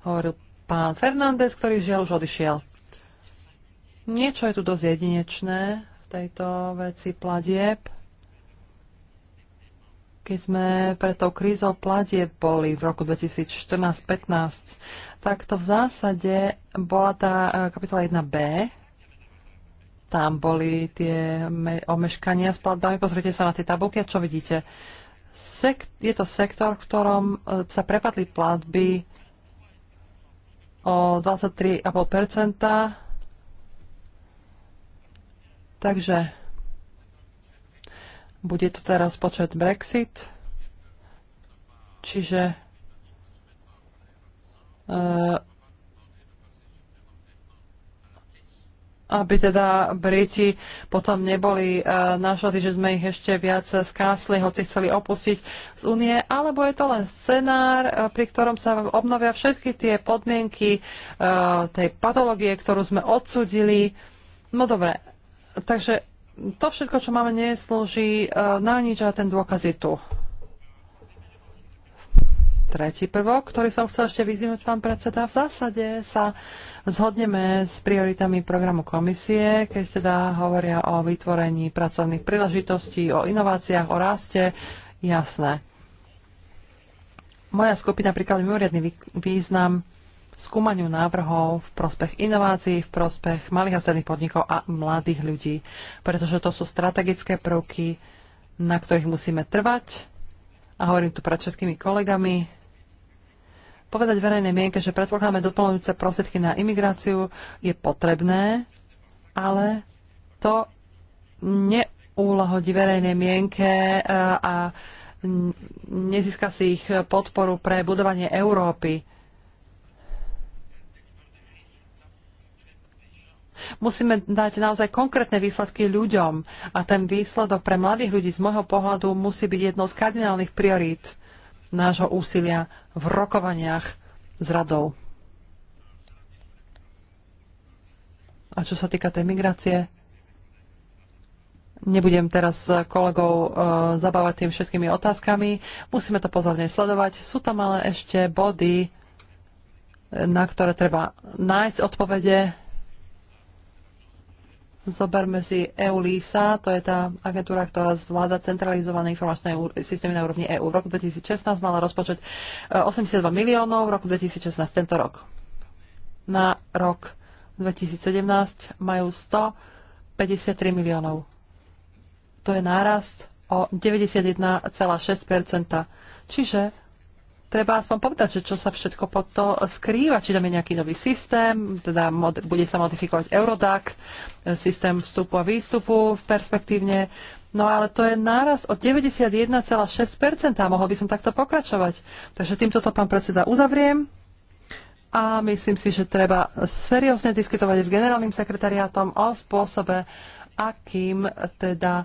hovoril pán Fernández, ktorý žiaľ už odišiel. Niečo je tu dosť jedinečné v tejto veci platieb. Keď sme pred tou krízou platieb boli v roku 2014-15, tak to v zásade bola tá eh, kapitola 1b, tam boli tie omeškania s platbami. Pozrite sa na tie tabulky a čo vidíte? Sekt, je to sektor, v ktorom e, sa prepadli platby o 23,5 Takže bude to teraz počet Brexit, čiže e, aby teda Briti potom neboli uh, e, našli, že sme ich ešte viac skásli, hoci chceli opustiť z únie, alebo je to len scenár, uh, pri ktorom sa obnovia všetky tie podmienky uh, tej patológie, ktorú sme odsudili. No dobre, takže to všetko, čo máme, neslúži uh, na nič a ten dôkaz je tu. Tretí prvok, ktorý som chcel ešte vyzvinúť, pán predseda, v zásade sa zhodneme s prioritami programu komisie, keď teda hovoria o vytvorení pracovných príležitostí, o inováciách, o raste. Jasné. Moja skupina príklad mimoriadný význam skúmaniu návrhov v prospech inovácií, v prospech malých a stredných podnikov a mladých ľudí, pretože to sú strategické prvky, na ktorých musíme trvať. A hovorím tu pred všetkými kolegami, povedať verejnej mienke, že predpokladáme doplňujúce prostriedky na imigráciu, je potrebné, ale to neúlahodí verejnej mienke eh, a nezíska si ich podporu pre budovanie Európy. Musíme dať naozaj konkrétne výsledky ľuďom a ten výsledok pre mladých ľudí z môjho pohľadu musí byť jednou z kardinálnych priorít nášho úsilia v rokovaniach s radou. A čo sa týka tej migrácie, nebudem teraz kolegov e, zabávať tým všetkými otázkami. Musíme to pozorne sledovať. Sú tam ale ešte body, na ktoré treba nájsť odpovede Zoberme si EULISA, to je tá agentúra, ktorá zvláda centralizované informačné systémy na úrovni EÚ. V roku 2016 mala rozpočet 82 e, miliónov, v roku 2016 tento rok. Na rok 2017 majú 153 miliónov. To je nárast o 91,6%. Čiže treba aspoň povedať, že čo sa všetko pod to skrýva, či tam je nejaký nový systém, teda mod, bude sa modifikovať Eurodac, e, systém vstupu a výstupu v perspektívne, no ale to je náraz o 91,6% a mohol by som takto pokračovať. Takže týmto to pán predseda uzavriem a myslím si, že treba seriózne diskutovať s generálnym sekretariátom o spôsobe, akým teda uh,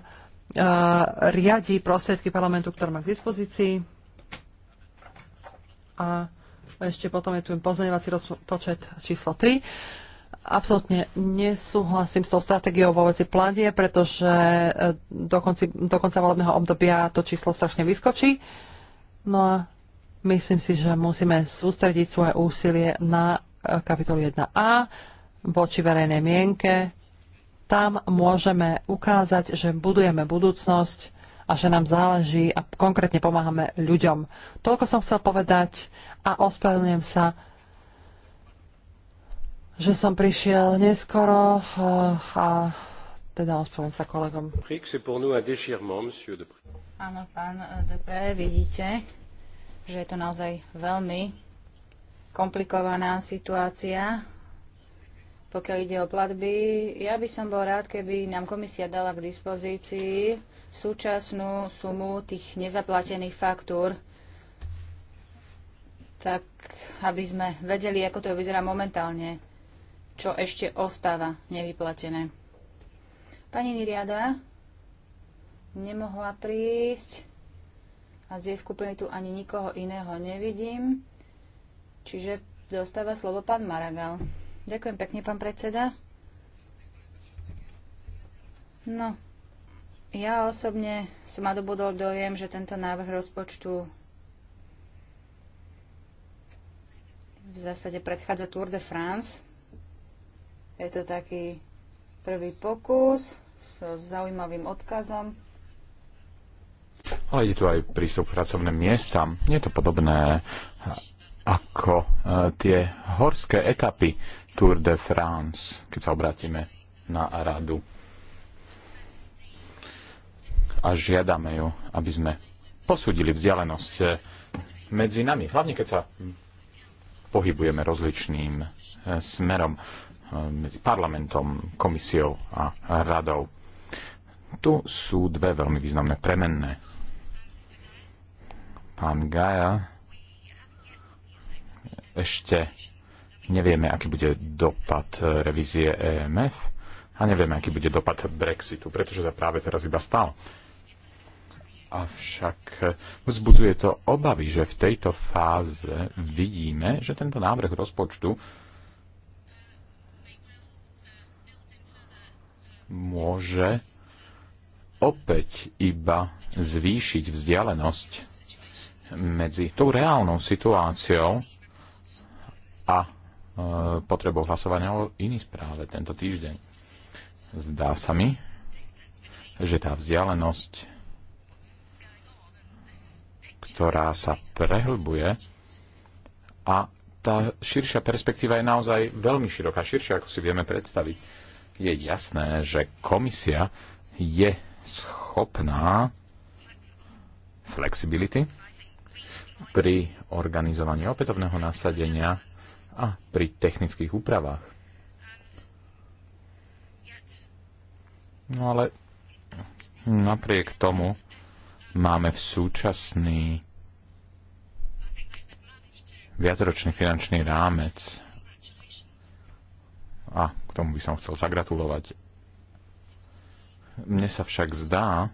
riadi prostriedky parlamentu, ktoré má k dispozícii a ešte potom je tu pozmeňovací rozpočet číslo 3. Absolutne nesúhlasím s tou stratégiou vo veci pladie, pretože e, do, konci, do konca volebného obdobia to číslo strašne vyskočí. No a myslím si, že musíme sústrediť svoje úsilie na e, kapitolu 1a voči verejnej mienke. Tam môžeme ukázať, že budujeme budúcnosť a že nám záleží a konkrétne pomáhame ľuďom. Toľko som chcel povedať a ospravedlňujem sa, že som prišiel neskoro eh, a teda ospravedlňujem sa kolegom. Áno, pán eh, Depré, vidíte, že je to naozaj veľmi komplikovaná situácia. Pokiaľ ide o platby, ja by som bol rád, keby nám komisia dala k dispozícii súčasnú sumu tých nezaplatených faktúr, tak aby sme vedeli, ako to vyzerá momentálne, čo ešte ostáva nevyplatené. Pani Niriada nemohla prísť a z jej skupiny tu ani nikoho iného nevidím, čiže dostáva slovo pán Maragal. Ďakujem pekne, pán predseda. No, ja osobne som nadobudol dojem, že tento návrh rozpočtu v zásade predchádza Tour de France. Je to taký prvý pokus so zaujímavým odkazom. Ale je tu aj prístup k pracovným miestam. Je to podobné e, ako e, tie horské etapy Tour de France, keď sa obrátime na radu a žiadame ju, aby sme posúdili vzdialenosť medzi nami. Hlavne, keď sa pohybujeme rozličným eh, smerom eh, medzi parlamentom, komisiou a radou. Tu sú dve veľmi významné premenné. Pán Gaja, ešte nevieme, aký bude dopad eh, revízie EMF a nevieme, aký bude dopad Brexitu, pretože sa práve teraz iba stal. Avšak eh, vzbudzuje to obavy, že v tejto fáze vidíme, že tento návrh rozpočtu môže opäť iba zvýšiť vzdialenosť medzi tou reálnou situáciou a eh, potrebou hlasovania o iný správe tento týždeň. Zdá sa mi, že tá vzdialenosť ktorá sa prehlbuje a tá širšia perspektíva je naozaj veľmi široká, širšia, ako si vieme predstaviť. Je jasné, že komisia je schopná flexibility pri organizovaní opätovného nasadenia a pri technických úpravách. No ale napriek tomu máme v súčasný viacročný finančný rámec a k tomu by som chcel zagratulovať. Mne sa však zdá,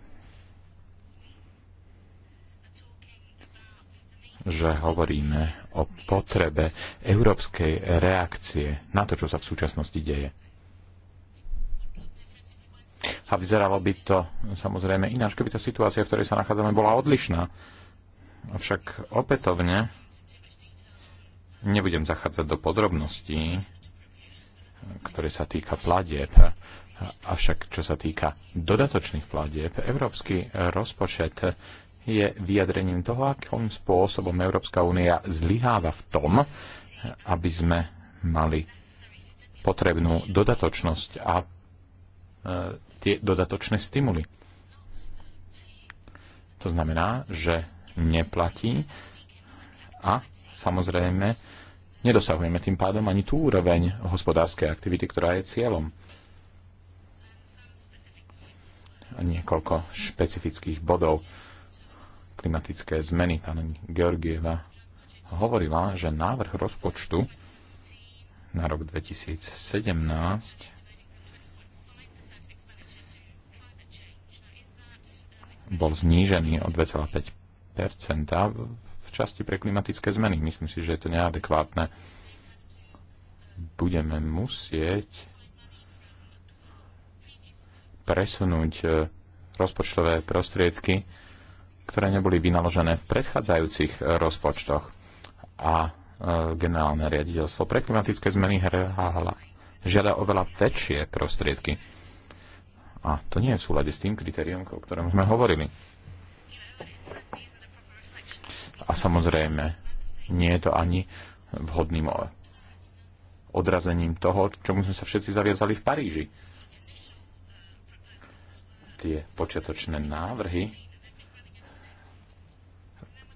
že hovoríme o potrebe európskej reakcie na to, čo sa v súčasnosti deje. A vyzeralo by to samozrejme ináč, keby tá situácia, v ktorej sa nachádzame, bola odlišná. Avšak opätovne nebudem zachádzať do podrobností, ktoré sa týka pladieb. Avšak čo sa týka dodatočných pladieb, európsky rozpočet je vyjadrením toho, akým spôsobom Európska únia zlyháva v tom, aby sme mali potrebnú dodatočnosť a e, tie dodatočné stimuly. To znamená, že neplatí a samozrejme nedosahujeme tým pádom ani tú úroveň hospodárskej aktivity, ktorá je cieľom. A niekoľko špecifických bodov. Klimatické zmeny. pána Georgieva hovorila, že návrh rozpočtu na rok 2017 bol znížený o 2,5 v časti pre klimatické zmeny. Myslím si, že je to neadekvátne. Budeme musieť presunúť e, rozpočtové prostriedky, ktoré neboli vynaložené v predchádzajúcich e, rozpočtoch. A e, generálne riaditeľstvo pre klimatické zmeny žiada oveľa väčšie prostriedky a to nie je v súlade s tým kritériom, o ktorom sme hovorili. A samozrejme, nie je to ani vhodným odrazením toho, čomu sme sa všetci zaviazali v Paríži. Tie počiatočné návrhy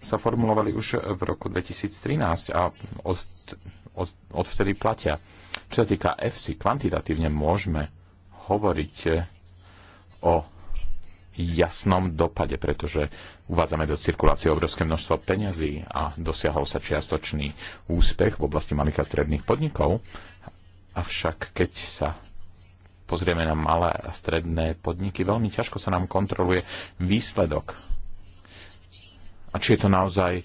sa formulovali už v roku 2013 a od, od, odvtedy platia. Čo sa týka FC, kvantitatívne môžeme hovoriť o jasnom dopade, pretože uvádzame do cirkulácie obrovské množstvo peňazí a dosiahol sa čiastočný úspech v oblasti malých a stredných podnikov. Avšak keď sa pozrieme na malé a stredné podniky, veľmi ťažko sa nám kontroluje výsledok. A či je to naozaj e,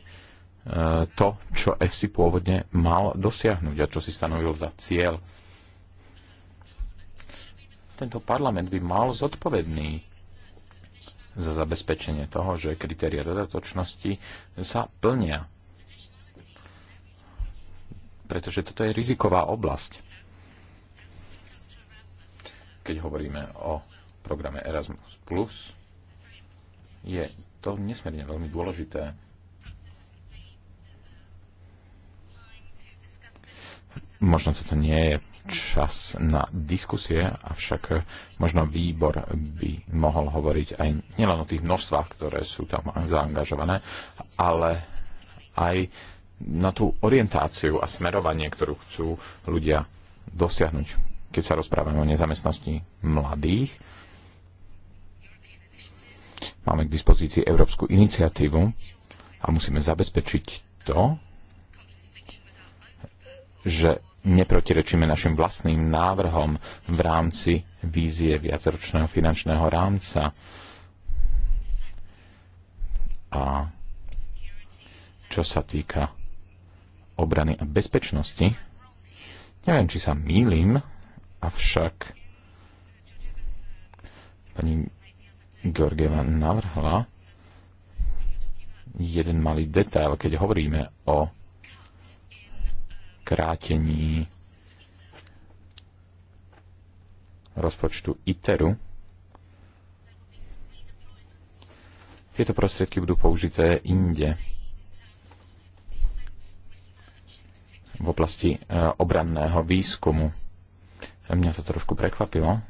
to, čo EFSI pôvodne mal dosiahnuť a čo si stanovil za cieľ. Tento parlament by mal zodpovedný za zabezpečenie toho, že kritéria dodatočnosti sa plnia. Pretože toto je riziková oblasť. Keď hovoríme o programe Erasmus+, je to nesmierne veľmi dôležité. Možno toto nie je čas na diskusie, avšak možno výbor by mohol hovoriť aj nielen o tých množstvách, ktoré sú tam zaangažované, ale aj na tú orientáciu a smerovanie, ktorú chcú ľudia dosiahnuť, keď sa rozprávame o nezamestnosti mladých. Máme k dispozícii Európsku iniciatívu a musíme zabezpečiť to, že neprotirečíme našim vlastným návrhom v rámci vízie viacročného finančného rámca. A čo sa týka obrany a bezpečnosti, neviem, či sa mýlim, avšak pani Georgieva navrhla jeden malý detail, keď hovoríme o krátení rozpočtu ITERu. Tieto prostriedky budú použité inde v oblasti e, obranného výskumu. Mňa to trošku prekvapilo,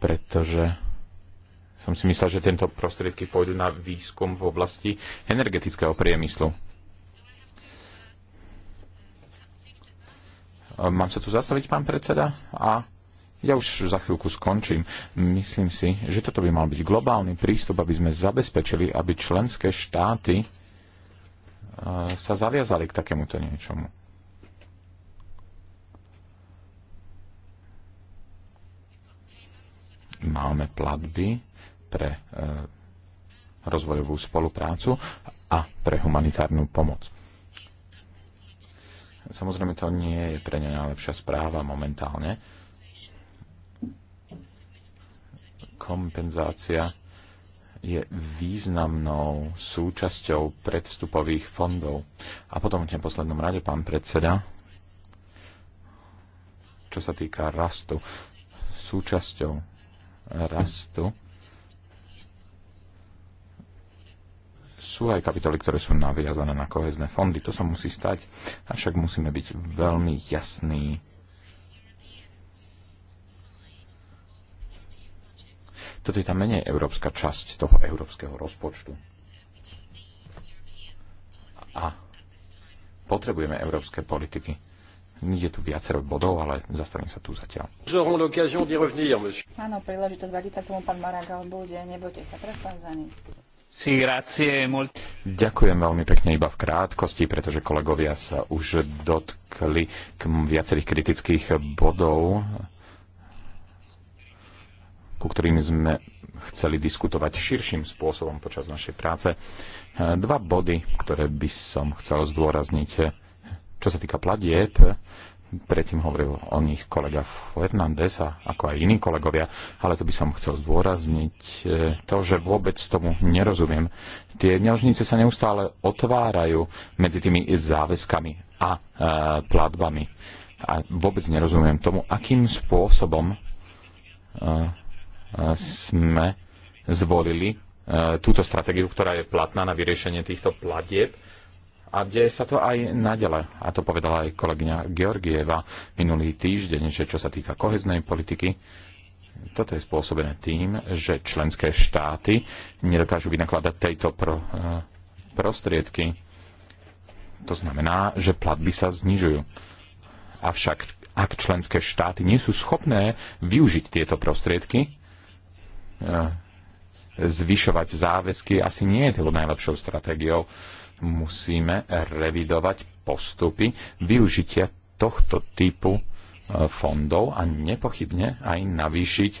pretože som si myslel, že tento prostriedky pôjdu na výskum v oblasti energetického priemyslu. Ehm, mám sa tu zastaviť, pán predseda? A ja už za chvíľku skončím. Myslím si, že toto by mal byť globálny prístup, aby sme zabezpečili, aby členské štáty ehm, sa zaviazali k takémuto niečomu. Máme platby pre ehm, rozvojovú spoluprácu a pre humanitárnu pomoc. Samozrejme, to nie je pre ne najlepšia správa momentálne. Kompenzácia je významnou súčasťou predvstupových fondov. A potom v poslednom rade, pán predseda, čo sa týka rastu, súčasťou rastu sú aj kapitoly, ktoré sú naviazané na kohezné fondy. To sa musí stať, avšak musíme byť veľmi jasní. Toto je tá menej európska časť toho európskeho rozpočtu. A potrebujeme európske politiky. Je tu viacero bodov, ale zastavím sa tu zatiaľ. Áno, príležitosť vadiť sa k tomu pán Maragal bude, nebojte sa, prestan za ním. Ďakujem veľmi pekne iba v krátkosti, pretože kolegovia sa už dotkli k viacerých kritických bodov, ku ktorým sme chceli diskutovať širším spôsobom počas našej práce. Dva body, ktoré by som chcel zdôrazniť, čo sa týka platieb, predtým hovoril o nich kolega Fernández a ako aj iní kolegovia, ale tu by som chcel zdôrazniť e, to, že vôbec tomu nerozumiem. Tie dňažnice sa neustále otvárajú medzi tými záväzkami a e, platbami. A vôbec nerozumiem tomu, akým spôsobom e, sme zvolili túto stratégiu, ktorá je platná na vyriešenie týchto platieb a deje sa to aj naďalej. A to povedala aj kolegyňa Georgieva minulý týždeň, že čo sa týka koheznej politiky, toto je spôsobené tým, že členské štáty nedokážu vynakladať tejto pro, eh, prostriedky. To znamená, že platby sa znižujú. Avšak ak členské štáty nie sú schopné využiť tieto prostriedky, eh, zvyšovať záväzky asi nie je to najlepšou stratégiou musíme revidovať postupy využitia tohto typu e, fondov a nepochybne aj navýšiť e, e,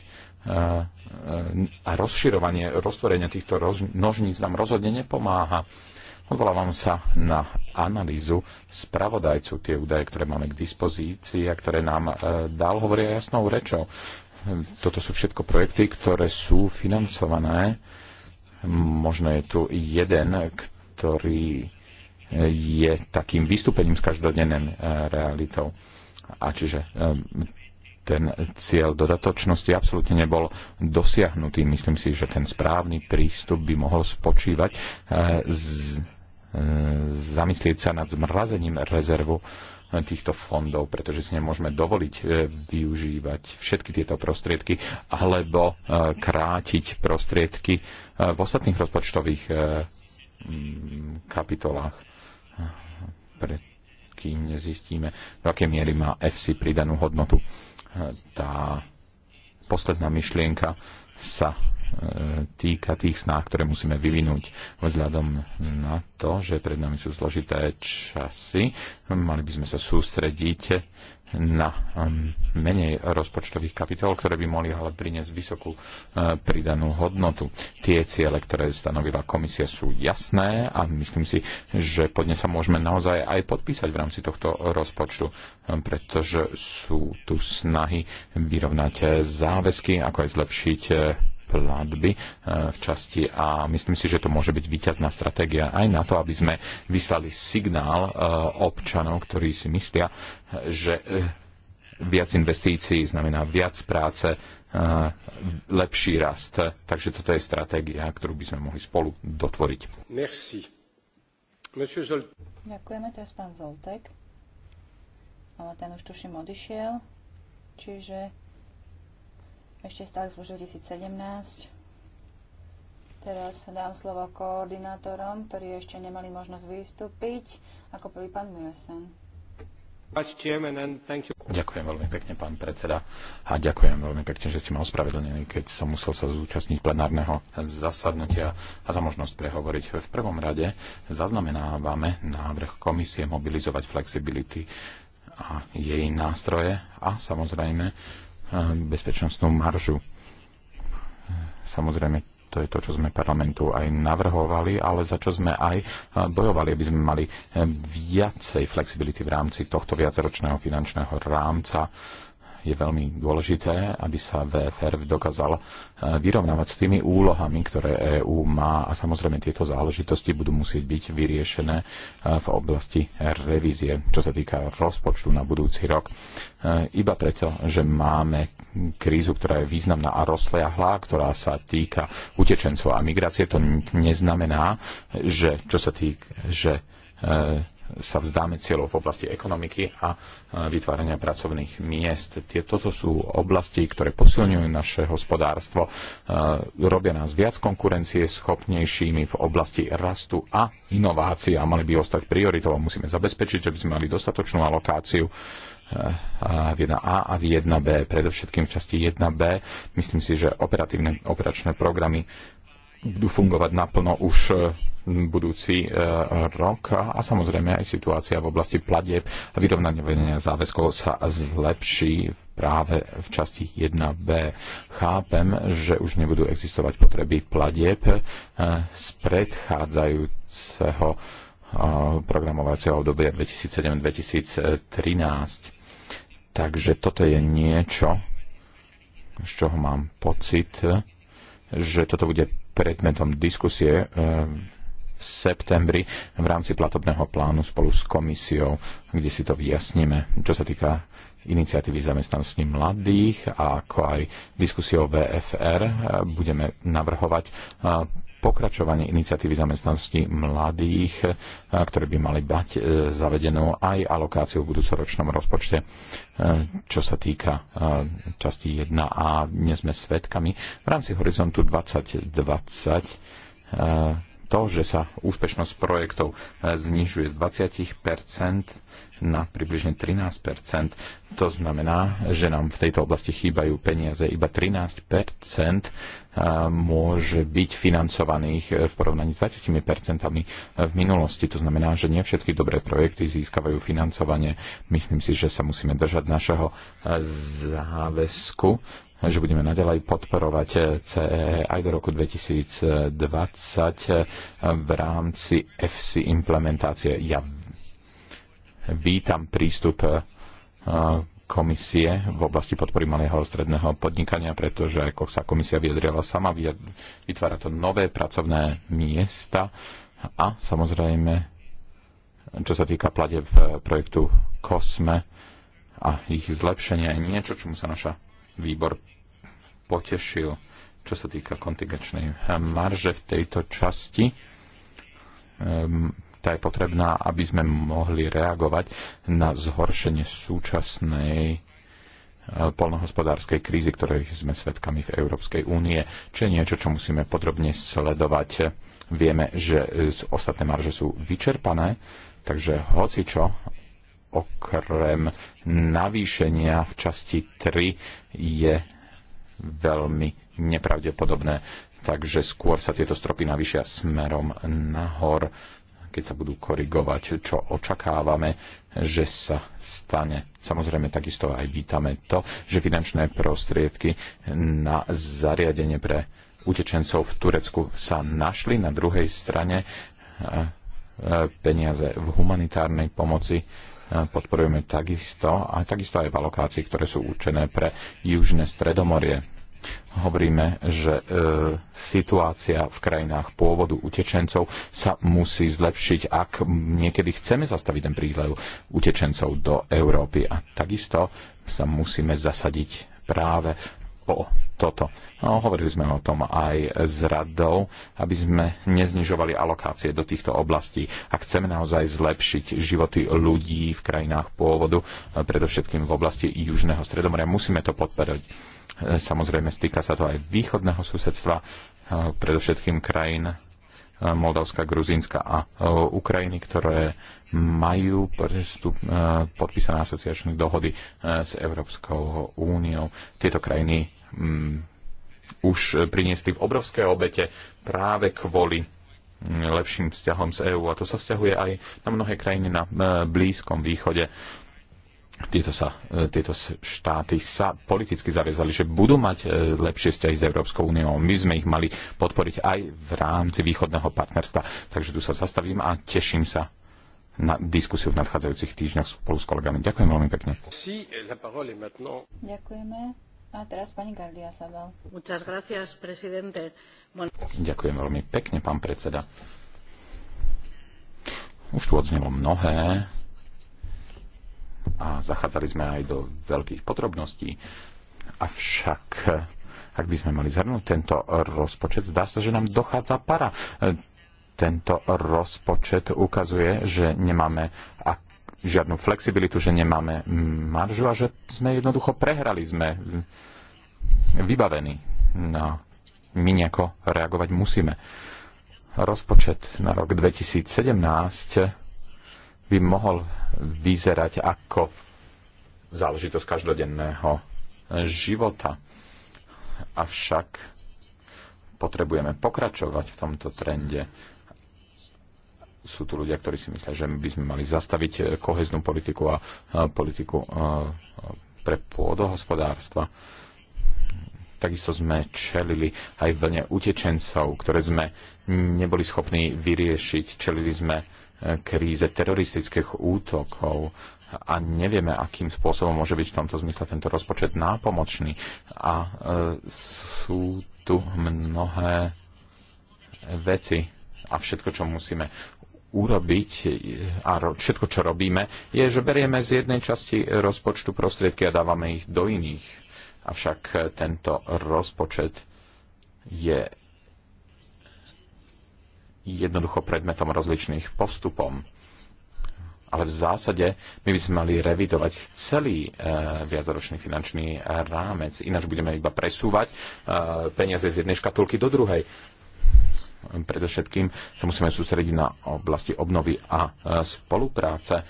a rozširovanie, roztvorenie týchto nožníc nám rozhodne nepomáha. Odvolávam sa na analýzu spravodajcu. Tie údaje, ktoré máme k dispozícii a ktoré nám dal, hovoria jasnou rečou. Toto sú všetko projekty, ktoré sú financované. Možno je tu jeden, ktorý eh, je takým vystúpením z každodenným eh, realitou. A čiže eh, ten cieľ dodatočnosti absolútne nebol dosiahnutý. Myslím si, že ten správny prístup by mohol spočívať z, zamyslieť sa nad zmrazením rezervu týchto fondov, pretože si nemôžeme dovoliť využívať všetky tieto prostriedky alebo krátiť prostriedky v ostatných rozpočtových Mm, kapitolách, pre kým nezistíme, do akej miery má FC pridanú hodnotu. Tá posledná myšlienka sa e, týka tých snách, ktoré musíme vyvinúť vzhľadom na to, že pred nami sú zložité časy. Mali by sme sa sústrediť na um, menej rozpočtových kapitol, ktoré by mohli ale priniesť vysokú uh, pridanú hodnotu. Tie ciele, ktoré stanovila komisia, sú jasné a myslím si, že pod ne sa môžeme naozaj aj podpísať v rámci tohto rozpočtu, um, pretože sú tu snahy vyrovnať uh, záväzky, ako aj zlepšiť uh, platby e, v časti a myslím si, že to môže byť výťazná stratégia aj na to, aby sme vyslali signál e, občanov, ktorí si myslia, že e, viac investícií znamená viac práce, lepší rast. Takže toto je stratégia, ktorú by sme mohli spolu dotvoriť. Merci. Zol... Ďakujeme teraz pán Zoltek, ale ten už tuším odišiel, čiže ešte stále z 2017. Teraz dám slovo koordinátorom, ktorí ešte nemali možnosť vystúpiť, ako prvý pán Mirsen. Ďakujem veľmi pekne, pán predseda. A ďakujem veľmi pekne, že ste ma ospravedlnili, keď som musel sa zúčastniť plenárneho zasadnutia a za možnosť prehovoriť. V prvom rade zaznamenávame návrh komisie mobilizovať flexibility a jej nástroje a samozrejme bezpečnostnú maržu. Samozrejme, to je to, čo sme parlamentu aj navrhovali, ale za čo sme aj bojovali, aby sme mali e, viacej flexibility v rámci tohto viacročného finančného rámca je veľmi dôležité, aby sa VFR dokázal e, vyrovnávať s tými úlohami, ktoré EÚ má a samozrejme tieto záležitosti budú musieť byť vyriešené e, v oblasti revízie, čo sa týka rozpočtu na budúci rok. E, iba preto, že máme krízu, ktorá je významná a rozliahlá, ktorá sa týka utečencov a migrácie, to neznamená, že čo sa týka, že sa vzdáme cieľov v oblasti ekonomiky a e, vytvárania pracovných miest. Toto sú oblasti, ktoré posilňujú naše hospodárstvo, e, robia nás viac konkurencie schopnejšími v oblasti rastu a inovácií a mali by ostať prioritou. Musíme zabezpečiť, že by sme mali dostatočnú alokáciu v e, 1A a v 1B, predovšetkým v časti 1B. Myslím si, že operatívne operačné programy budú fungovať naplno už budúci e, rok a samozrejme aj situácia v oblasti platieb a vyrovnania záväzkov sa zlepší práve v časti 1b. Chápem, že už nebudú existovať potreby platieb e, z predchádzajúceho e, programovacieho obdobia 2007-2013. Takže toto je niečo, z čoho mám pocit, že toto bude predmetom diskusie septembri v rámci platobného plánu spolu s komisiou, kde si to vyjasníme, čo sa týka iniciatívy zamestnanosti mladých a ako aj diskusie o VFR eh, budeme navrhovať eh, pokračovanie iniciatívy zamestnanosti mladých, eh, ktoré by mali bať zavedenú aj alokáciu v budúcoročnom rozpočte. Čo sa týka časti 1a, dnes sme svedkami v rámci horizontu 2020 to, že sa úspešnosť projektov e, znižuje z 20% na približne 13%, to znamená, že nám v tejto oblasti chýbajú peniaze. Iba 13% e, môže byť financovaných e, v porovnaní s 20% v minulosti. To znamená, že nie všetky dobré projekty získavajú financovanie. Myslím si, že sa musíme držať našeho záväzku že budeme naďalej podporovať eh, CE e aj do roku 2020 eh, v rámci FC implementácie. Ja vítam prístup eh, komisie v oblasti podpory malého a stredného podnikania, pretože ako sa komisia vyjadrila sama, vytvára to nové pracovné miesta a samozrejme, čo sa týka v projektu COSME a ich zlepšenia, je niečo, čomu sa naša výbor potešil, čo sa týka kontingenčnej marže v tejto časti. Ehm, tá je potrebná, aby sme mohli reagovať na zhoršenie súčasnej e, polnohospodárskej krízy, ktorej sme svedkami v Európskej únie, čo je niečo, čo musíme podrobne sledovať. Vieme, že ostatné marže sú vyčerpané, takže hoci čo okrem navýšenia v časti 3 je veľmi nepravdepodobné. Takže skôr sa tieto stropy navýšia smerom nahor, keď sa budú korigovať, čo očakávame, že sa stane. Samozrejme, takisto aj vítame to, že finančné prostriedky na zariadenie pre utečencov v Turecku sa našli. Na druhej strane e, e, peniaze v humanitárnej pomoci podporujeme takisto a takisto aj v alokácii, ktoré sú určené pre južné stredomorie. Hovoríme, že e, situácia v krajinách pôvodu utečencov sa musí zlepšiť, ak niekedy chceme zastaviť ten prílev utečencov do Európy. A takisto sa musíme zasadiť práve o toto. No, hovorili sme o tom aj s radou, aby sme neznižovali alokácie do týchto oblastí. A chceme naozaj zlepšiť životy ľudí v krajinách pôvodu, e, predovšetkým v oblasti Južného Stredomoria, musíme to podporiť. E, samozrejme, stýka sa to aj východného susedstva, e, predovšetkým krajín Moldavska, Gruzínska a Ukrajiny, ktoré majú prestup, e, podpísané asociačné dohody e, s Európskou úniou. Tieto krajiny mm, už priniesli v obrovské obete práve kvôli mm, lepším vzťahom s EÚ a to sa vzťahuje aj na mnohé krajiny na e, Blízkom východe. Tieto, sa, tieto štáty sa politicky zaviazali, že budú mať lepšie vzťahy s Európskou úniou. My sme ich mali podporiť aj v rámci východného partnerstva. Takže tu sa zastavím a teším sa na diskusiu v nadchádzajúcich týždňoch spolu s kolegami. Ďakujem veľmi pekne. Ďakujeme. A teraz pani Gardia Sabal. Ďakujem veľmi pekne, pán predseda. Už tu odznelo mnohé a zachádzali sme aj do veľkých podrobností. Avšak, ak by sme mali zhrnúť tento rozpočet, zdá sa, že nám dochádza para tento rozpočet ukazuje, že nemáme žiadnu flexibilitu, že nemáme maržu a že sme jednoducho prehrali, sme vybavení. No, my nejako reagovať musíme. Rozpočet na rok 2017 by mohol vyzerať ako záležitosť každodenného života. Avšak potrebujeme pokračovať v tomto trende sú tu ľudia, ktorí si myslia, že by sme mali zastaviť eh, koheznú politiku a politiku eh, pre pôdohospodárstva. Takisto sme čelili aj vlne utečencov, ktoré sme neboli schopní vyriešiť. Čelili sme eh, kríze teroristických útokov a nevieme, akým spôsobom môže byť v tomto zmysle tento rozpočet nápomočný. A sú tu mnohé veci a všetko, čo musíme urobiť a všetko, čo robíme, je, že berieme z jednej časti rozpočtu prostriedky a dávame ich do iných. Avšak e, tento rozpočet je jednoducho predmetom rozličných postupom. Ale v zásade my by sme mali revidovať celý e, viacročný finančný rámec, ináč budeme iba presúvať e, peniaze z jednej škatulky do druhej. Predovšetkým sa musíme sústrediť na oblasti obnovy a e, spolupráce. E,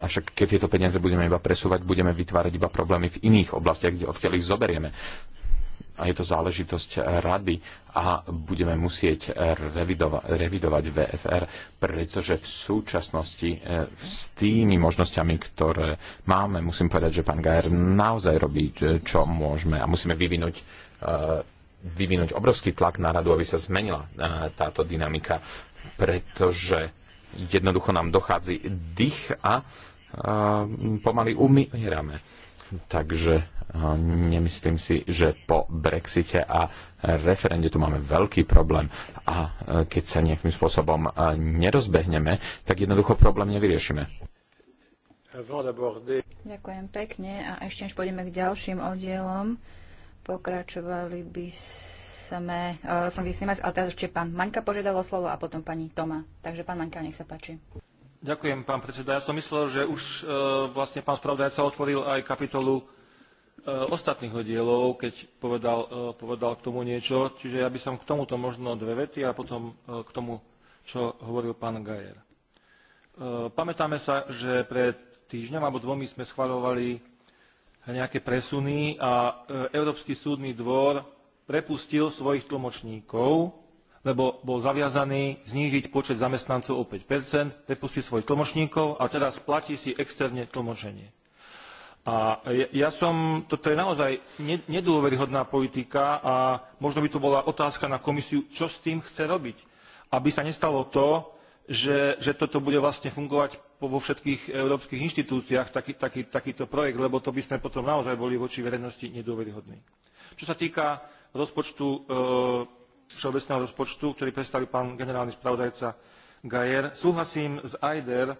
avšak keď tieto peniaze budeme iba presúvať, budeme vytvárať iba problémy v iných oblastiach, kde odkiaľ ich zoberieme. A je to záležitosť rady a budeme musieť revidova- revidovať VFR, pretože v súčasnosti e, s tými možnosťami, ktoré máme, musím povedať, že pán Gajer naozaj robí, čo môžeme a musíme vyvinúť vyvinúť obrovský tlak na radu, aby sa zmenila eh, táto dynamika, pretože jednoducho nám dochádza dých a eh, pomaly umierame. Takže eh, nemyslím si, že po Brexite a referende tu máme veľký problém a keď sa nejakým spôsobom nerozbehneme, tak jednoducho problém nevyriešime. Ďakujem pekne a ešte než pôjdeme k ďalším oddielom, Pokračovali by sme e, ročnom vysnímať, ale teraz ešte pán Maňka požiadalo slovo a potom pani Toma. Takže pán Maňka, nech sa páči. Ďakujem, pán predseda. Ja som myslel, že už uh, vlastne pán spravodajca otvoril aj kapitolu e, ostatných dielov, keď povedal, povedal k tomu niečo. Čiže ja by som k tomuto možno dve vety a potom k tomu, čo hovoril pán Gajer. E, pamätáme sa, že pred týždňom alebo dvomi sme schváľovali nejaké presuny a e, Európsky súdny dvor prepustil svojich tlmočníkov, lebo bol zaviazaný znížiť počet zamestnancov o 5 prepustil svojich tlmočníkov a teraz platí si externe tlmočenie. A ja som, toto je naozaj nedôveryhodná politika a možno by to bola otázka na komisiu, čo s tým chce robiť, aby sa nestalo to, že, že toto bude vlastne fungovať vo všetkých európskych inštitúciách taký, taký, takýto projekt, lebo to by sme potom naozaj boli voči verejnosti nedôveryhodní. Čo sa týka rozpočtu, e, všeobecného rozpočtu, ktorý predstavil pán generálny spravodajca Gajer, súhlasím s AIDER,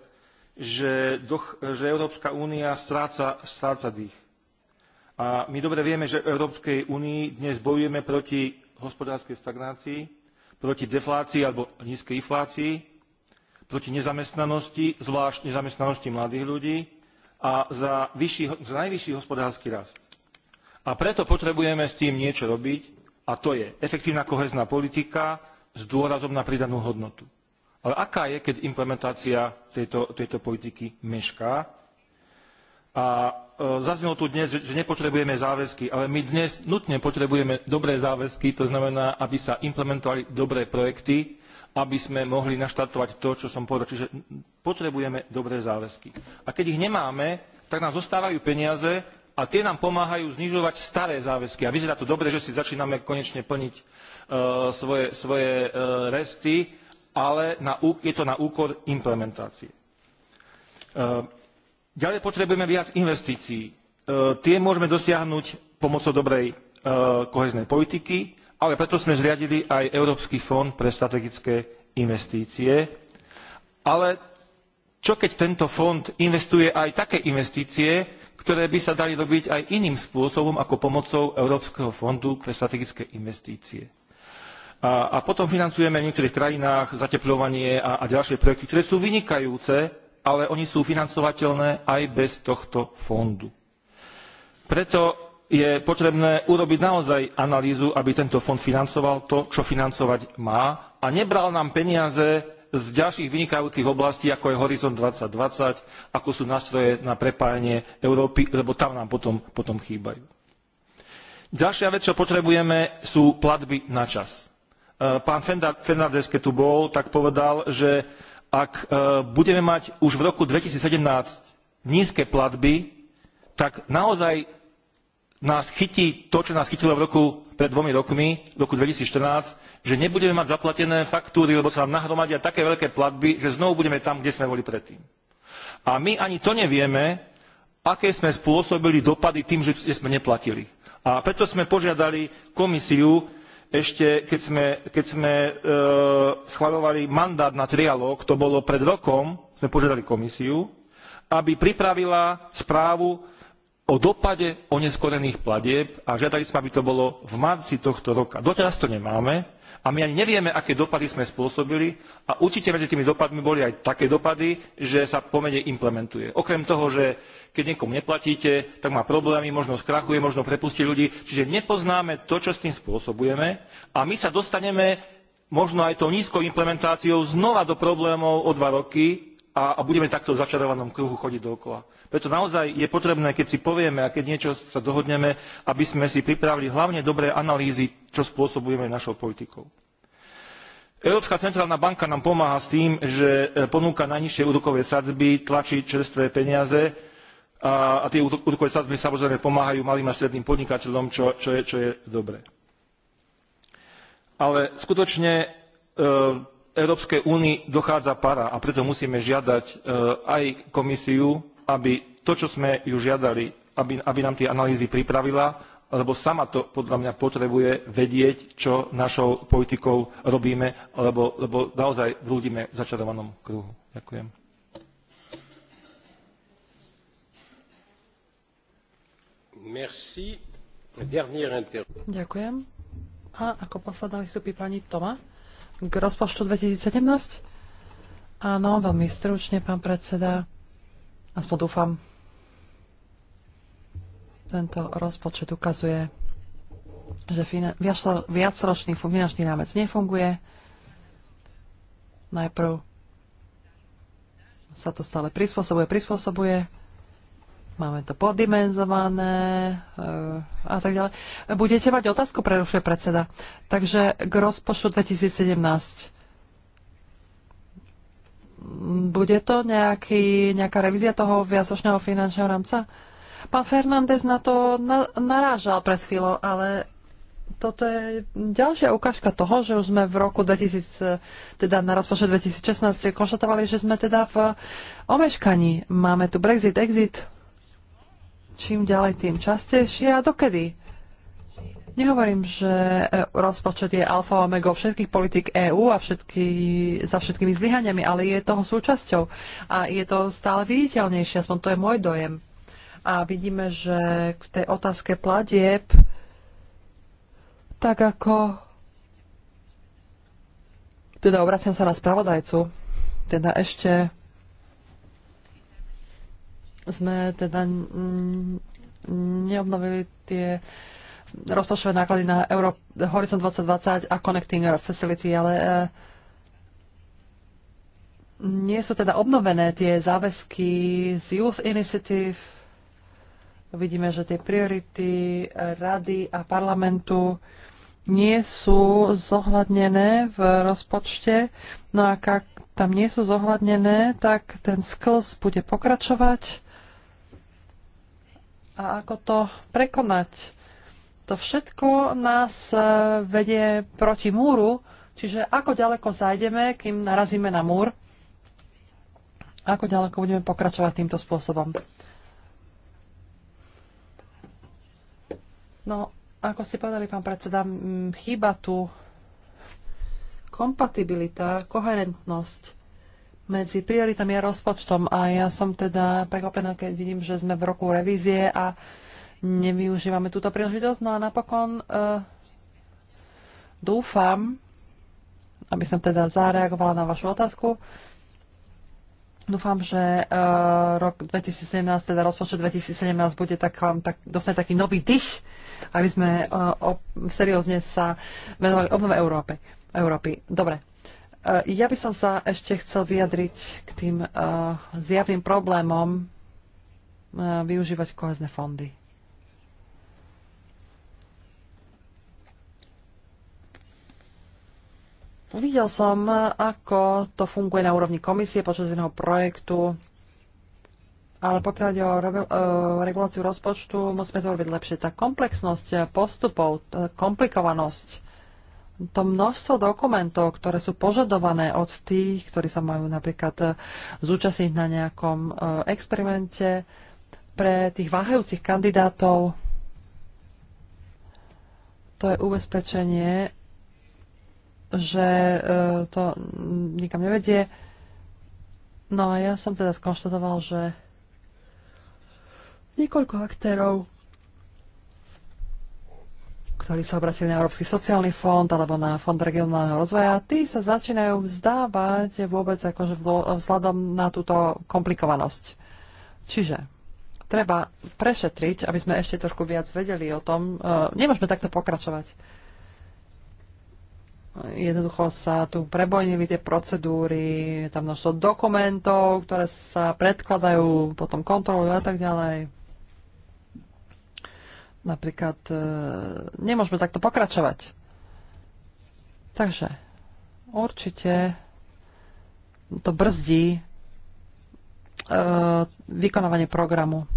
že, doch, že Európska únia stráca, stráca dých. A my dobre vieme, že v Európskej únii dnes bojujeme proti hospodárskej stagnácii, proti deflácii alebo nízkej inflácii, proti nezamestnanosti, zvlášť nezamestnanosti mladých ľudí a za, vyšší, za najvyšší hospodársky rast. A preto potrebujeme s tým niečo robiť a to je efektívna kohezná politika s dôrazom na pridanú hodnotu. Ale aká je, keď implementácia tejto, tejto politiky mešká? A e, zaznelo tu dnes, že, že nepotrebujeme záväzky, ale my dnes nutne potrebujeme dobré záväzky, to znamená, aby sa implementovali dobré projekty, aby sme mohli naštartovať to, čo som povedal. Čiže potrebujeme dobré záväzky. A keď ich nemáme, tak nám zostávajú peniaze a tie nám pomáhajú znižovať staré záväzky. A vyzerá to dobre, že si začíname konečne plniť e, svoje, svoje e, resty, ale na, je to na úkor implementácie. E, ďalej potrebujeme viac investícií. tie môžeme dosiahnuť pomocou dobrej koheznej politiky, ale preto sme zriadili aj Európsky fond pre strategické investície. Ale čo keď tento fond investuje aj také investície, ktoré by sa dali robiť aj iným spôsobom ako pomocou Európskeho fondu pre strategické investície. A, a potom financujeme v niektorých krajinách zateplovanie a, a ďalšie projekty, ktoré sú vynikajúce, ale oni sú financovateľné aj bez tohto fondu. Preto je potrebné urobiť naozaj analýzu, aby tento fond financoval to, čo financovať má a nebral nám peniaze z ďalších vynikajúcich oblastí, ako je Horizont 2020, ako sú nástroje na prepájanie Európy, lebo tam nám potom, potom chýbajú. Ďalšia vec, čo potrebujeme, sú platby na čas. E, pán Fernández, keď tu bol, tak povedal, že ak e, budeme mať už v roku 2017 nízke platby, tak naozaj nás chytí to, čo nás chytilo v roku pred dvomi rokmi, v roku 2014, že nebudeme mať zaplatené faktúry, lebo sa nám nahromadia také veľké platby, že znovu budeme tam, kde sme boli predtým. A my ani to nevieme, aké sme spôsobili dopady tým, že sme neplatili. A preto sme požiadali komisiu, ešte keď sme, keď sme e, mandát na trialóg, to bolo pred rokom, sme požiadali komisiu, aby pripravila správu o dopade oneskorených platieb a žiadali sme, aby to bolo v marci tohto roka. Doteraz to nemáme a my ani nevieme, aké dopady sme spôsobili a určite medzi tými dopadmi boli aj také dopady, že sa pomene implementuje. Okrem toho, že keď niekomu neplatíte, tak má problémy, možno skrachuje, možno prepustí ľudí, čiže nepoznáme to, čo s tým spôsobujeme a my sa dostaneme možno aj tou nízkou implementáciou znova do problémov o dva roky, a, a budeme takto v začarovanom kruhu chodiť dookola. Preto naozaj je potrebné, keď si povieme a keď niečo sa dohodneme, aby sme si pripravili hlavne dobré analýzy, čo spôsobujeme našou politikou. Európska centrálna banka nám pomáha s tým, že e, ponúka najnižšie úrokové sadzby, tlačí čerstvé peniaze a, a tie úrokové sadzby samozrejme pomáhajú malým a stredným podnikateľom, čo, čo je, čo je dobré. Ale skutočne e, Európskej únii dochádza para a preto musíme žiadať e, aj komisiu, aby to, čo sme ju žiadali, aby, aby nám tie analýzy pripravila, lebo sama to podľa mňa potrebuje vedieť, čo našou politikou robíme, lebo, lebo naozaj blúdime v začarovanom kruhu. Ďakujem. Ďakujem. A ako posledná vystupí pani Toma k rozpočtu 2017? Áno, veľmi stručne, pán predseda. Aspoň dúfam. Tento rozpočet ukazuje, že viacročný finančný rámec nefunguje. Najprv sa to stále prispôsobuje, prispôsobuje máme to podimenzované eh, a tak ďalej. Budete mať otázku, prerušuje predseda. Takže k rozpočtu 2017 bude to nejaký, nejaká revízia toho viacočného finančného rámca? Pán Fernández na to na, narážal pred chvíľou, ale toto je ďalšia ukážka toho, že už sme v roku 2000, teda na rozpočet 2016 konštatovali, že sme teda v omeškaní. Máme tu Brexit, exit, čím ďalej, tým častejšie a dokedy. Nehovorím, že e, rozpočet je alfa a omega všetkých politik EÚ a všetky, za všetkými zlyhaniami, ale je toho súčasťou a je to stále viditeľnejšie, aspoň to je môj dojem. A vidíme, že k tej otázke platieb, tak ako... Teda obraciam sa na spravodajcu, teda ešte sme teda neobnovili tie rozpočtové náklady na Euro, Horizon 2020 a Connecting Europe Facility, ale e, nie sú teda obnovené tie záväzky z Youth Initiative. Vidíme, že tie priority rady a parlamentu nie sú zohľadnené v rozpočte. No a ak tam nie sú zohľadnené, tak ten skls bude pokračovať a ako to prekonať. To všetko nás e, vedie proti múru, čiže ako ďaleko zajdeme, kým narazíme na múr, ako ďaleko budeme pokračovať týmto spôsobom. No, ako ste povedali, pán predseda, chýba tu kompatibilita, koherentnosť medzi prioritami a rozpočtom. A ja som teda prekvapená, keď vidím, že sme v roku revízie a nevyužívame túto príležitosť. No a napokon uh, dúfam, aby som teda zareagovala na vašu otázku. Dúfam, že uh, rok 2017, teda rozpočet 2017 bude tak, tak, dostať taký nový dých, aby sme uh, e, o, seriózne sa venovali obnove Európy. Európy. Dobre, Eh, ja by som sa ešte chcel vyjadriť k tým eh, zjavným problémom eh, využívať kohezné fondy. Videl som, ako to funguje na úrovni komisie počas jedného projektu, ale pokiaľ ide o reguláciu rozpočtu, musíme to robiť lepšie. Tá komplexnosť postupov, komplikovanosť to množstvo dokumentov, ktoré sú požadované od tých, ktorí sa majú napríklad e, zúčastniť na nejakom e, experimente, pre tých váhajúcich kandidátov to je ubezpečenie, že e, to nikam nevedie. No a ja som teda skonštatoval, že niekoľko aktérov ktorí sa obratili na Európsky sociálny fond alebo na Fond regionálneho rozvoja, tí sa začínajú vzdávať vôbec akože vzhľadom na túto komplikovanosť. Čiže treba prešetriť, aby sme ešte trošku viac vedeli o tom. E, nemôžeme takto pokračovať. Jednoducho sa tu prebojnili tie procedúry, tam množstvo dokumentov, ktoré sa predkladajú, potom kontrolujú a tak ďalej. Napríklad e, nemôžeme takto pokračovať. Takže určite to brzdí e, vykonávanie programu.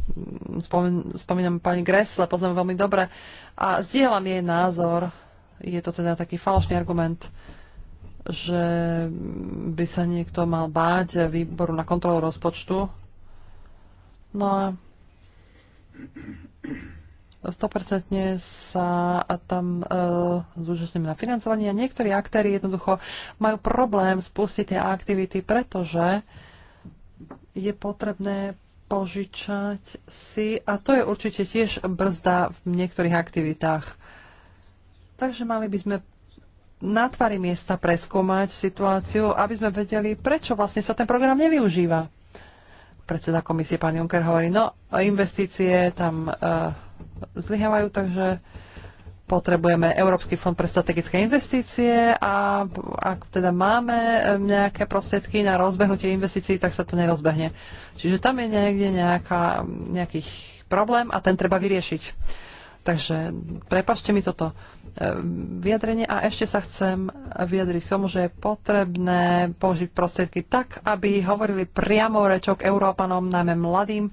Spomín, spomínam pani Gressle, poznám veľmi dobre a zdieľam jej názor. Je to teda taký falošný argument, že by sa niekto mal báť výboru na kontrolu rozpočtu. No a 100% sa tam e, eh, zúčastňujú na financovanie a niektorí aktéry jednoducho majú problém spustiť tie aktivity, pretože je potrebné požičať si a to je určite tiež brzda v niektorých aktivitách. Takže mali by sme na tvary miesta preskúmať situáciu, aby sme vedeli, prečo vlastne sa ten program nevyužíva. Predseda komisie pán Juncker hovorí, no investície tam uh, zlyhávajú, takže potrebujeme Európsky fond pre strategické investície a ak teda máme eh, nejaké prostriedky na rozbehnutie investícií, tak sa to nerozbehne. Čiže tam je niekde nejaká, nejaký problém a ten treba vyriešiť. Takže prepašte mi toto eh, vyjadrenie a ešte sa chcem vyjadriť k tomu, že je potrebné použiť prostriedky tak, aby hovorili priamo rečok Európanom, najmä mladým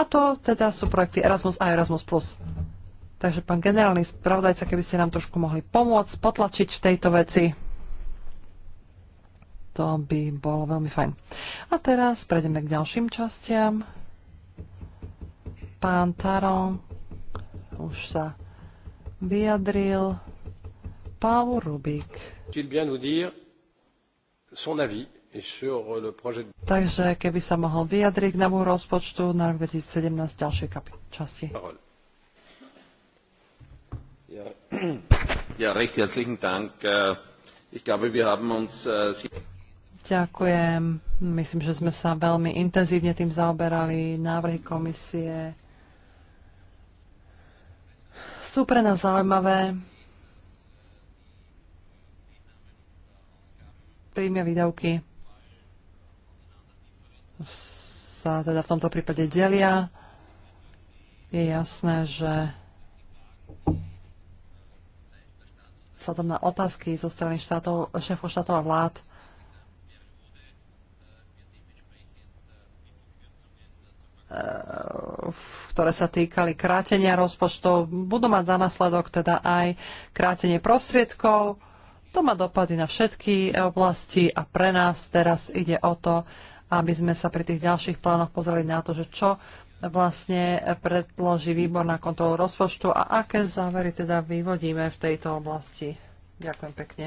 a to teda sú projekty Erasmus a Erasmus+. Takže pán generálny spravodajca, keby ste nám trošku mohli pomôcť, potlačiť v tejto veci, to by bolo veľmi fajn. A teraz prejdeme k ďalším častiam. Pán Taron už sa vyjadril. Pán Rubik. Tu bien nous dire son avis Euh, Takže keby sa mohol vyjadriť k novú rozpočtu na rok 2017 ďalšej časti. Ja, recht herzlichen Dank. Äh, ich glaube, wir haben uns... Äh, Ďakujem. Myslím, že sme sa veľmi intenzívne tým zaoberali. Návrhy komisie sú pre nás zaujímavé. Príjmy výdavky sa teda v tomto prípade delia. Je jasné, že vzhľadom na otázky zo strany štátov, šéfov štátov a vlád eh, ktoré sa týkali krátenia rozpočtov, budú mať za následok teda aj krátenie prostriedkov. To má dopady na všetky oblasti a pre nás teraz ide o to, aby sme sa pri tých ďalších plánoch pozreli na to, že čo vlastne predloží výbor na kontrolu rozpočtu a aké závery teda vyvodíme v tejto oblasti. Ďakujem pekne.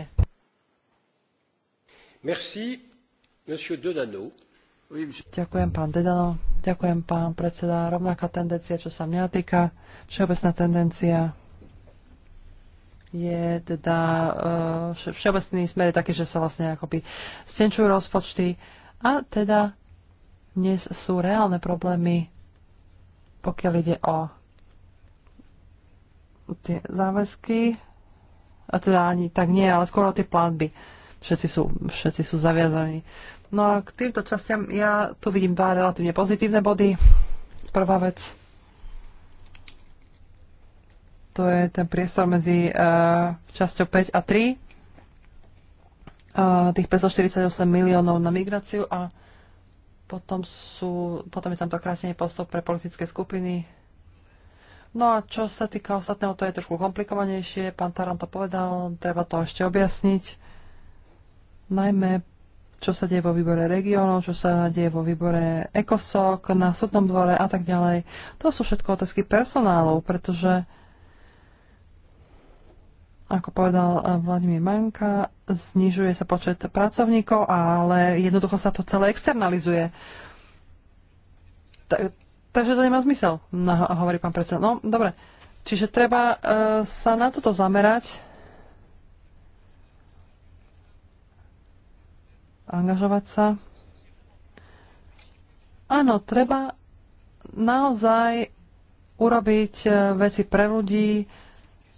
Merci, monsieur Denano. Ďakujem, pán Dedano. Ďakujem, pán predseda. Rovnaká tendencia, čo sa mňa týka, všeobecná tendencia je teda eh, všeobecný smer je taký, že sa vlastne akoby stenčujú rozpočty a teda dnes sú reálne problémy, pokiaľ ide o tie záväzky, a teda ani tak nie, ale skôr o tie platby. Všetci sú, všetci sú zaviazaní. No a k týmto častiam ja tu vidím dva relatívne pozitívne body. Prvá vec, to je ten priestor medzi uh, časťou 5 a 3 tých 548 miliónov na migráciu a potom, sú, potom je tam to krátenie postup pre politické skupiny. No a čo sa týka ostatného, to je trošku komplikovanejšie. Pán Taran to povedal, treba to ešte objasniť. Najmä, čo sa deje vo výbore regiónov, čo sa deje vo výbore ECOSOC, na súdnom dvore a tak ďalej. To sú všetko otázky personálov, pretože ako povedal eh, Vladimír Manka, znižuje sa počet pracovníkov, ale jednoducho sa to celé externalizuje. Ta, takže to nemá zmysel, no, hovorí pán predseda. No, dobre. Čiže treba uh, sa na toto zamerať, angažovať sa. Áno, treba naozaj urobiť eh, veci pre ľudí,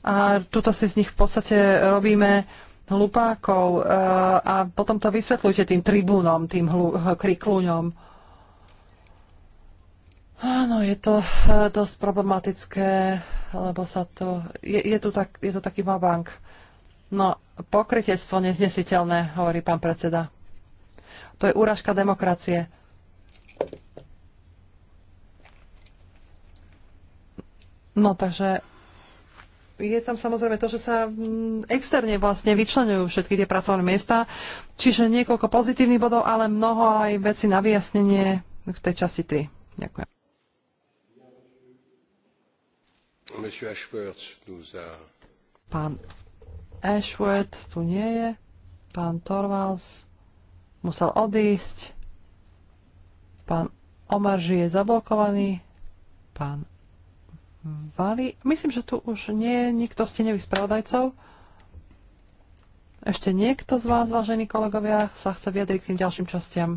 a tuto si z nich v podstate robíme hlupákov e, a potom to vysvetľujte tým tribúnom, tým krikluňom. Áno, je to e, dosť problematické, lebo sa to... Je, je, tu tak, je to taký mabank. No, pokrytectvo neznesiteľné, hovorí pán predseda. To je úražka demokracie. No, takže je tam samozrejme to, že sa mm, externe vlastne vyčlenujú všetky tie pracovné miesta, čiže niekoľko pozitívnych bodov, ale mnoho aj veci na vyjasnenie v tej časti 3. Ďakujem. Pán Ashworth tu nie je. Pán Torvalds musel odísť. Pán Omarži je zablokovaný. Pán Vali. Myslím, že tu už nie je nikto z tenevých spravodajcov. Ešte niekto z vás, vážení kolegovia, sa chce vyjadriť k tým ďalším častiam?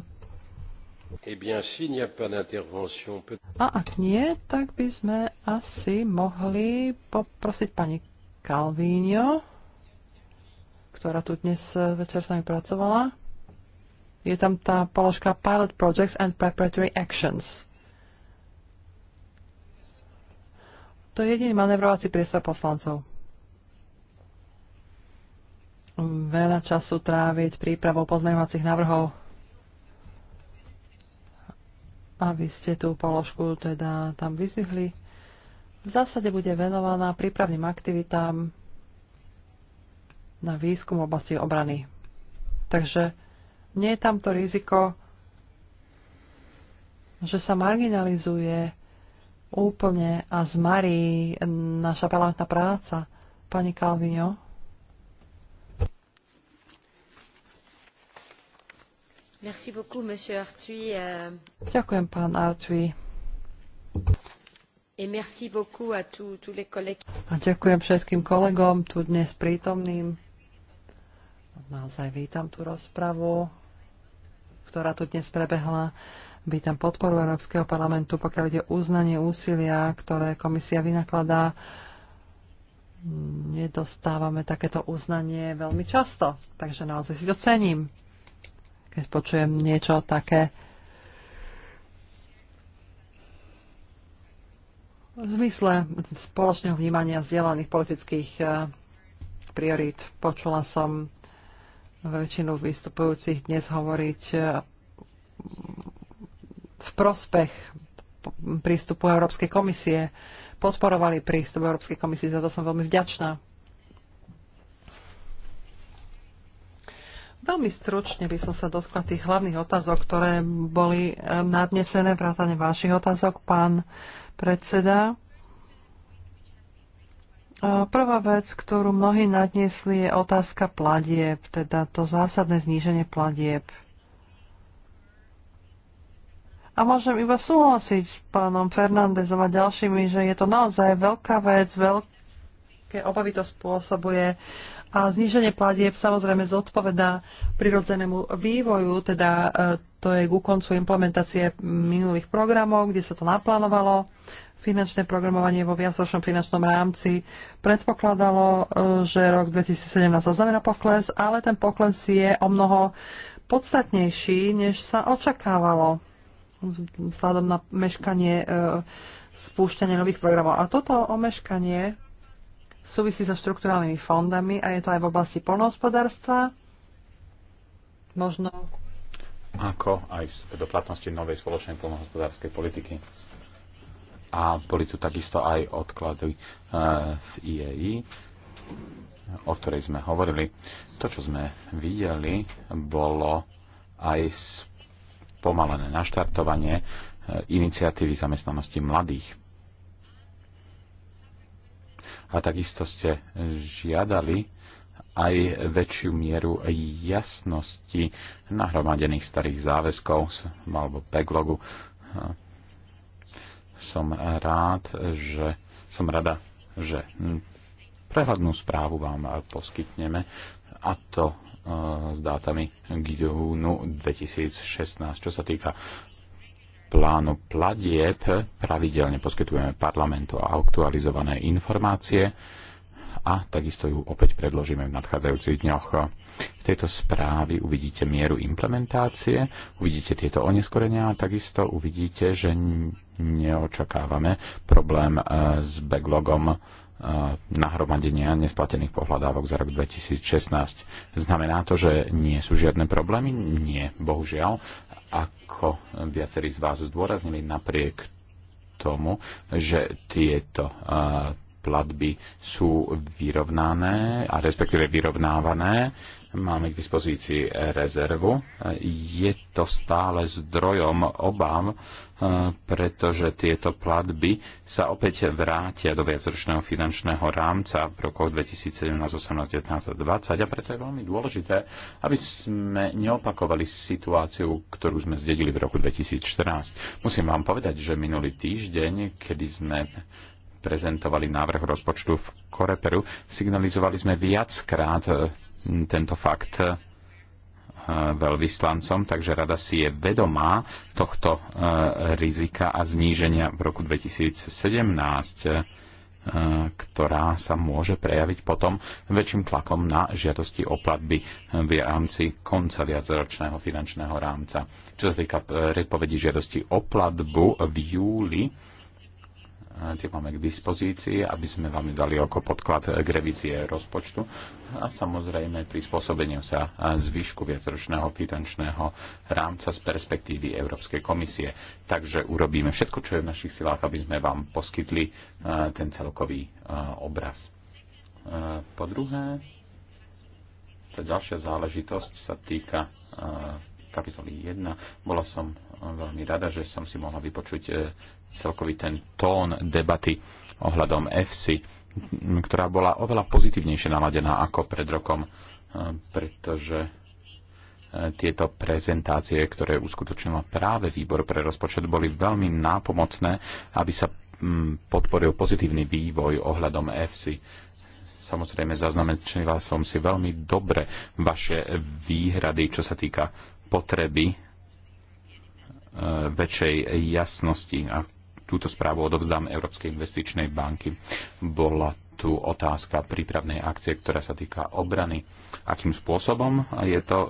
Eh bien, si a, a ak nie, tak by sme asi mohli poprosiť pani Calvino, ktorá tu dnes večer s nami pracovala. Je tam tá položka Pilot Projects and Preparatory Actions. To je jediný manevrovací priestor poslancov. Veľa času tráviť prípravou pozmeňovacích návrhov, aby ste tú položku teda tam vyzvihli. V zásade bude venovaná prípravným aktivitám na výskum v oblasti obrany. Takže nie je tam to riziko, že sa marginalizuje úplne a zmarí naša parlamentná práca. Pani Kalvino. Merci beaucoup, monsieur Artui. Euh, ďakujem, pán Artui. Et merci beaucoup à tous, tous les collègues. A ďakujem všetkým kolegom tu dnes prítomným. Naozaj vítam tú rozpravu, ktorá tu dnes prebehla. Vítam podporu Európskeho parlamentu, pokiaľ ide uznanie úsilia, ktoré komisia vynakladá. Nedostávame takéto uznanie veľmi často, takže naozaj si to cením, keď počujem niečo také. V zmysle spoločného vnímania zdieľaných politických eh, priorít počula som väčšinu vystupujúcich dnes hovoriť eh, v prospech prístupu Európskej komisie. Podporovali prístup Európskej komisie, za to som veľmi vďačná. Veľmi stručne by som sa dotkla tých hlavných otázok, ktoré boli eh, nadnesené, vrátane vašich otázok, pán predseda. Eh, prvá vec, ktorú mnohí nadniesli, je otázka platieb, teda to zásadné zníženie platieb. A môžem iba súhlasiť s pánom Fernandezom a ďalšími, že je to naozaj veľká vec, veľké obavy to spôsobuje. A zníženie pladieb samozrejme zodpovedá prirodzenému vývoju, teda e, to je ku koncu implementácie minulých programov, kde sa to naplánovalo. Finančné programovanie vo viacročnom finančnom rámci predpokladalo, e, že rok 2017 zaznamená pokles, ale ten pokles je o mnoho podstatnejší, než sa očakávalo vzhľadom na meškanie e, spúšťanie nových programov. A toto omeškanie súvisí so štrukturálnymi fondami a je to aj v oblasti polnohospodárstva. Možno ako aj do platnosti novej spoločnej polnohospodárskej politiky. A boli tu takisto aj odklady e, v IEI, e o ktorej sme hovorili. To, čo sme videli, bolo aj spomalené naštartovanie e, iniciatívy zamestnanosti mladých. A takisto ste žiadali aj väčšiu mieru jasnosti nahromadených starých záväzkov alebo backlogu. E, som rád, že som rada, že prehľadnú správu vám poskytneme a to s dátami k júnu 2016. Čo sa týka plánu platieb, pravidelne poskytujeme parlamentu aktualizované informácie a takisto ju opäť predložíme v nadchádzajúcich dňoch. V tejto správy uvidíte mieru implementácie, uvidíte tieto oneskorenia a takisto uvidíte, že neočakávame problém e, s backlogom nahromadenia nesplatených pohľadávok za rok 2016. Znamená to, že nie sú žiadne problémy? Nie, bohužiaľ. Ako viacerí z vás zdôraznili napriek tomu, že tieto platby sú vyrovnané a respektíve vyrovnávané Máme k dispozícii rezervu. Je to stále zdrojom obám, eh, pretože tieto platby sa opäť vrátia do viacročného finančného rámca v rokoch 2017, 18, 19 a 20 a preto je veľmi dôležité, aby sme neopakovali situáciu, ktorú sme zdedili v roku 2014. Musím vám povedať, že minulý týždeň, kedy sme prezentovali návrh rozpočtu v Koreperu, signalizovali sme viackrát eh, tento fakt eh, veľvyslancom, takže rada si je vedomá tohto eh, rizika a zníženia v roku 2017, eh, ktorá sa môže prejaviť potom väčším tlakom na žiadosti o platby v rámci konca viacročného finančného rámca. Čo sa týka predpovedí žiadosti o platbu v júli, tie máme k dispozícii, aby sme vám dali ako podklad k revízie rozpočtu a samozrejme prispôsobeniu sa zvyšku viacročného finančného rámca z perspektívy Európskej komisie. Takže urobíme všetko, čo je v našich silách, aby sme vám poskytli e, ten celkový e, obraz. E, po druhé, tá ďalšia záležitosť sa týka kapitoly 1. Bola som eh, veľmi rada, že som si mohla vypočuť eh, celkový ten tón debaty ohľadom EFSI, ktorá bola oveľa pozitívnejšie naladená ako pred rokom, eh, pretože tieto prezentácie, ktoré uskutočnila práve výbor pre rozpočet, boli veľmi nápomocné, aby sa mm, podporil pozitívny vývoj ohľadom EFSI. Samozrejme, zaznamenčila som si veľmi dobre vaše výhrady, čo sa týka potreby e, väčšej jasnosti. A túto správu odovzdám Európskej investičnej banky. Bola tu otázka prípravnej akcie, ktorá sa týka obrany. Akým spôsobom je to e,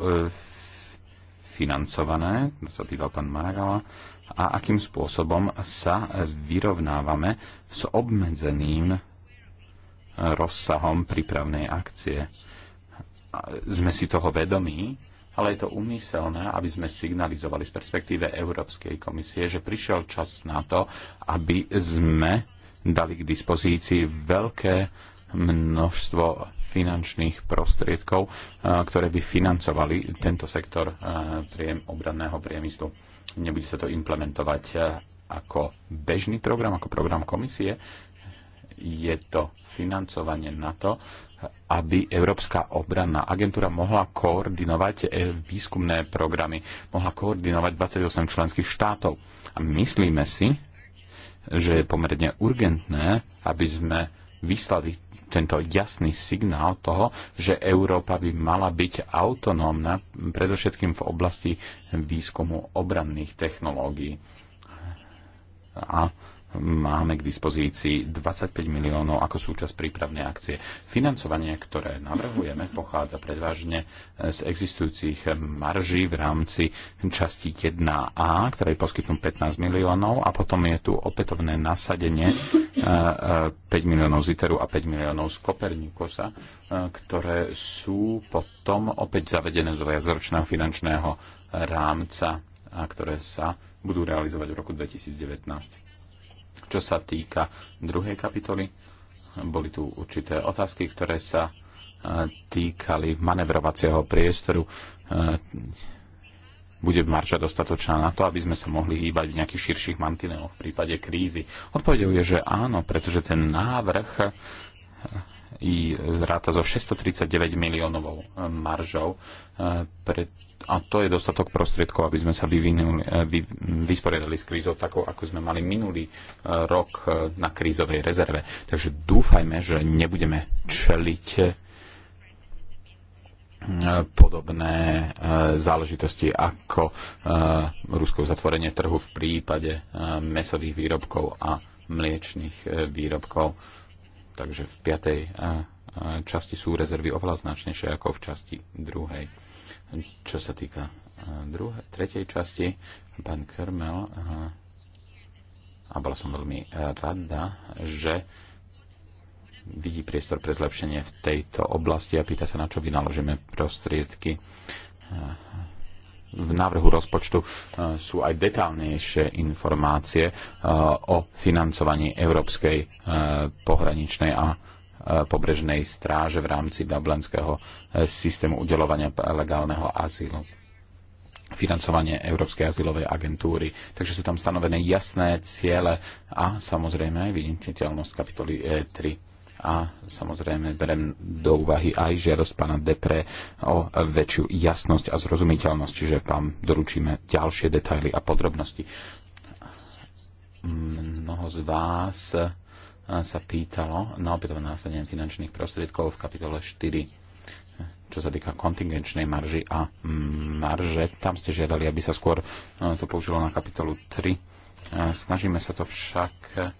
financované, to sa týkal pán Maragala, a akým spôsobom sa vyrovnávame s obmedzeným rozsahom prípravnej akcie. Sme si toho vedomí ale je to umyselné, aby sme signalizovali z perspektíve Európskej komisie, že prišiel čas na to, aby sme dali k dispozícii veľké množstvo finančných prostriedkov, eh, ktoré by financovali tento sektor eh, priem, obranného priemyslu. Nebude sa to implementovať eh, ako bežný program, ako program komisie. Je to financovanie na to, aby Európska obranná agentúra mohla koordinovať e, výskumné programy, mohla koordinovať 28 členských štátov. A myslíme si, že je pomerne urgentné, aby sme vyslali tento jasný signál toho, že Európa by mala byť autonómna, predovšetkým v oblasti výskumu obranných technológií. A máme k dispozícii 25 miliónov ako súčasť prípravnej akcie. Financovanie, ktoré navrhujeme, pochádza predvážne z existujúcich marží v rámci časti 1A, ktoré poskytnú 15 miliónov a potom je tu opätovné nasadenie 5 e, e, miliónov z ITERu a 5 miliónov z Kopernikusa, e, ktoré sú potom opäť zavedené do viacročného finančného rámca a ktoré sa budú realizovať v roku 2019 čo sa týka druhej kapitoly, boli tu určité otázky, ktoré sa e, týkali manevrovacieho priestoru. E, bude marža dostatočná na to, aby sme sa mohli hýbať v nejakých širších mantineloch v prípade krízy? Odpovedou je, že áno, pretože ten návrh e, i ráta so 639 miliónovou maržou, a to je dostatok prostriedkov, aby sme sa vyvinuli, eh, vy, vysporiadali s krízou takou, ako sme mali minulý eh, rok eh, na krízovej rezerve. Takže dúfajme, že nebudeme čeliť podobné záležitosti ako rusko zatvorenie trhu v prípade mesových výrobkov a mliečných výrobkov. Takže v piatej časti sú rezervy oveľa značnejšie ako v časti druhej. Čo sa týka e, druhé, tretej časti, pán Kermel, e, a bola som veľmi rada, že vidí priestor pre zlepšenie v tejto oblasti a pýta sa, na čo vynaložíme prostriedky. E, v návrhu rozpočtu sú aj detálnejšie informácie o financovaní Európskej pohraničnej a E, pobrežnej stráže v rámci dublinského e, systému udelovania legálneho azylu financovanie Európskej azylovej agentúry. Takže sú tam stanovené jasné ciele a samozrejme aj vynutiteľnosť kapitoly E3 a samozrejme berem do úvahy aj žiadosť pána Depre o väčšiu jasnosť a zrozumiteľnosť, čiže vám doručíme ďalšie detaily a podrobnosti. Mnoho z vás sa pýtalo na opätovné následenie finančných prostriedkov v kapitole 4 čo sa týka kontingenčnej marži a marže. Tam ste žiadali, aby sa skôr e, to použilo na kapitolu 3. E, snažíme sa to však e,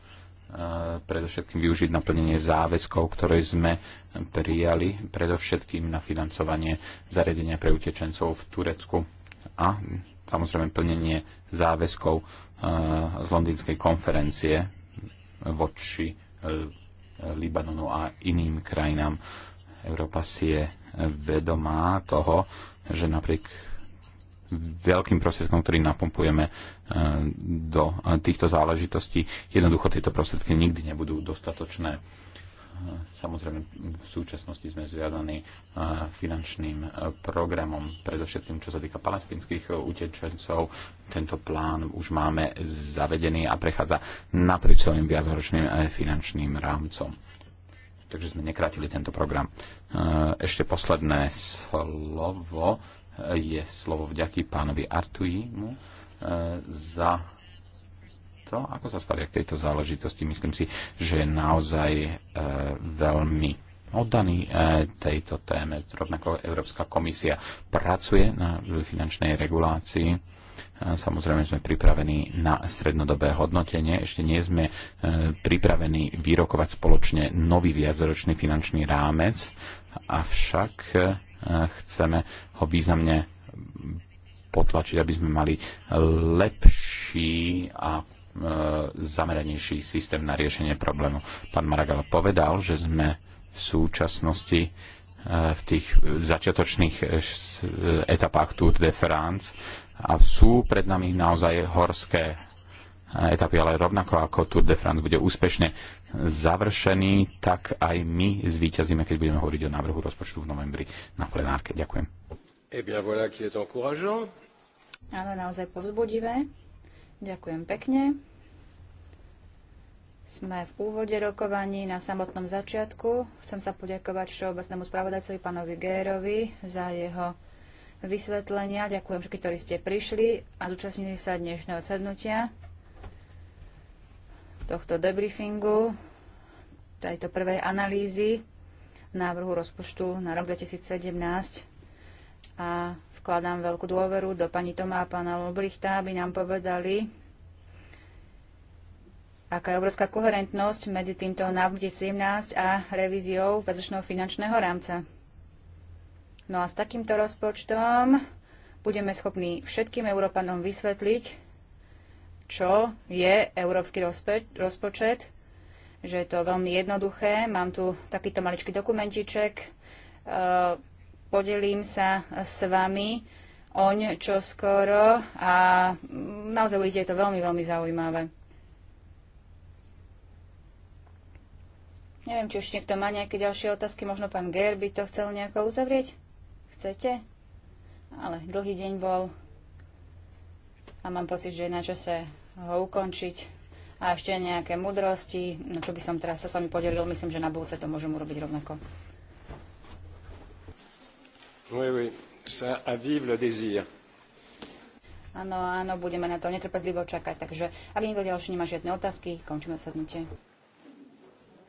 predovšetkým využiť na plnenie záväzkov, ktoré sme prijali, predovšetkým na financovanie zariadenia pre utečencov v Turecku a samozrejme plnenie záväzkov z londýnskej konferencie voči e, Libanonu a iným krajinám. Európa si je vedomá toho, že napriek veľkým prostriedkom, ktorý napompujeme e, do e, týchto záležitostí, jednoducho tieto prostriedky nikdy nebudú dostatočné. Samozrejme, v súčasnosti sme zviazaní e, finančným e, programom, predovšetkým čo sa týka palestinských e, utečencov. Tento plán už máme zavedený a prechádza naprieč celým viacročným finančným rámcom. Takže sme nekrátili tento program. Ešte posledné slovo je slovo vďaky pánovi Artuimu za to, ako sa stavia k tejto záležitosti. Myslím si, že je naozaj e, veľmi oddaný e, tejto téme. Rovnako Európska komisia pracuje na finančnej regulácii. E, samozrejme sme pripravení na strednodobé hodnotenie. Ešte nie sme e, pripravení vyrokovať spoločne nový viacročný finančný rámec, avšak e, chceme ho významne potlačiť, aby sme mali lepší a E, zameranejší systém na riešenie problému. Pán Maragal povedal, že sme v súčasnosti e, v tých začiatočných e, etapách Tour de France a sú pred nami naozaj horské etapy, ale rovnako ako Tour de France bude úspešne završený, tak aj my zvíťazíme, keď budeme hovoriť o návrhu rozpočtu v novembri na plenárke. Ďakujem. Eh bien voilà qui est encourageant. Áno, naozaj povzbudivé. Ďakujem pekne. Sme v úvode rokovaní na samotnom začiatku. Chcem sa poďakovať všeobecnému spravodajcovi pánovi Gérovi za jeho vysvetlenia. Ďakujem všetkým, ktorí ste prišli a zúčastnili sa dnešného sednutia tohto debriefingu, tejto prvej analýzy návrhu rozpočtu na rok 2017 a vkladám veľkú dôveru do pani Tomá a pána Lobrichta, aby nám povedali, aká je obrovská koherentnosť medzi týmto návrhom 17 a revíziou väzečného finančného rámca. No a s takýmto rozpočtom budeme schopní všetkým Európanom vysvetliť, čo je európsky rozpočet, že je to veľmi jednoduché. Mám tu takýto maličký dokumentiček. E, podelím sa s vami oň čo skoro a naozaj je to veľmi, veľmi zaujímavé. Neviem, či už niekto má nejaké ďalšie otázky, možno pán Ger by to chcel nejako uzavrieť. Chcete? Ale dlhý deň bol a mám pocit, že je na čase ho ukončiť. A ešte nejaké mudrosti, no čo by som teraz sa s vami podelil, myslím, že na budúce to môžem urobiť rovnako. Oui, oui. Ça a vive le désir. Áno, áno, budeme na to netrpezlivo čakať. Takže ak nikto ďalší nemá žiadne otázky, končíme dnutie.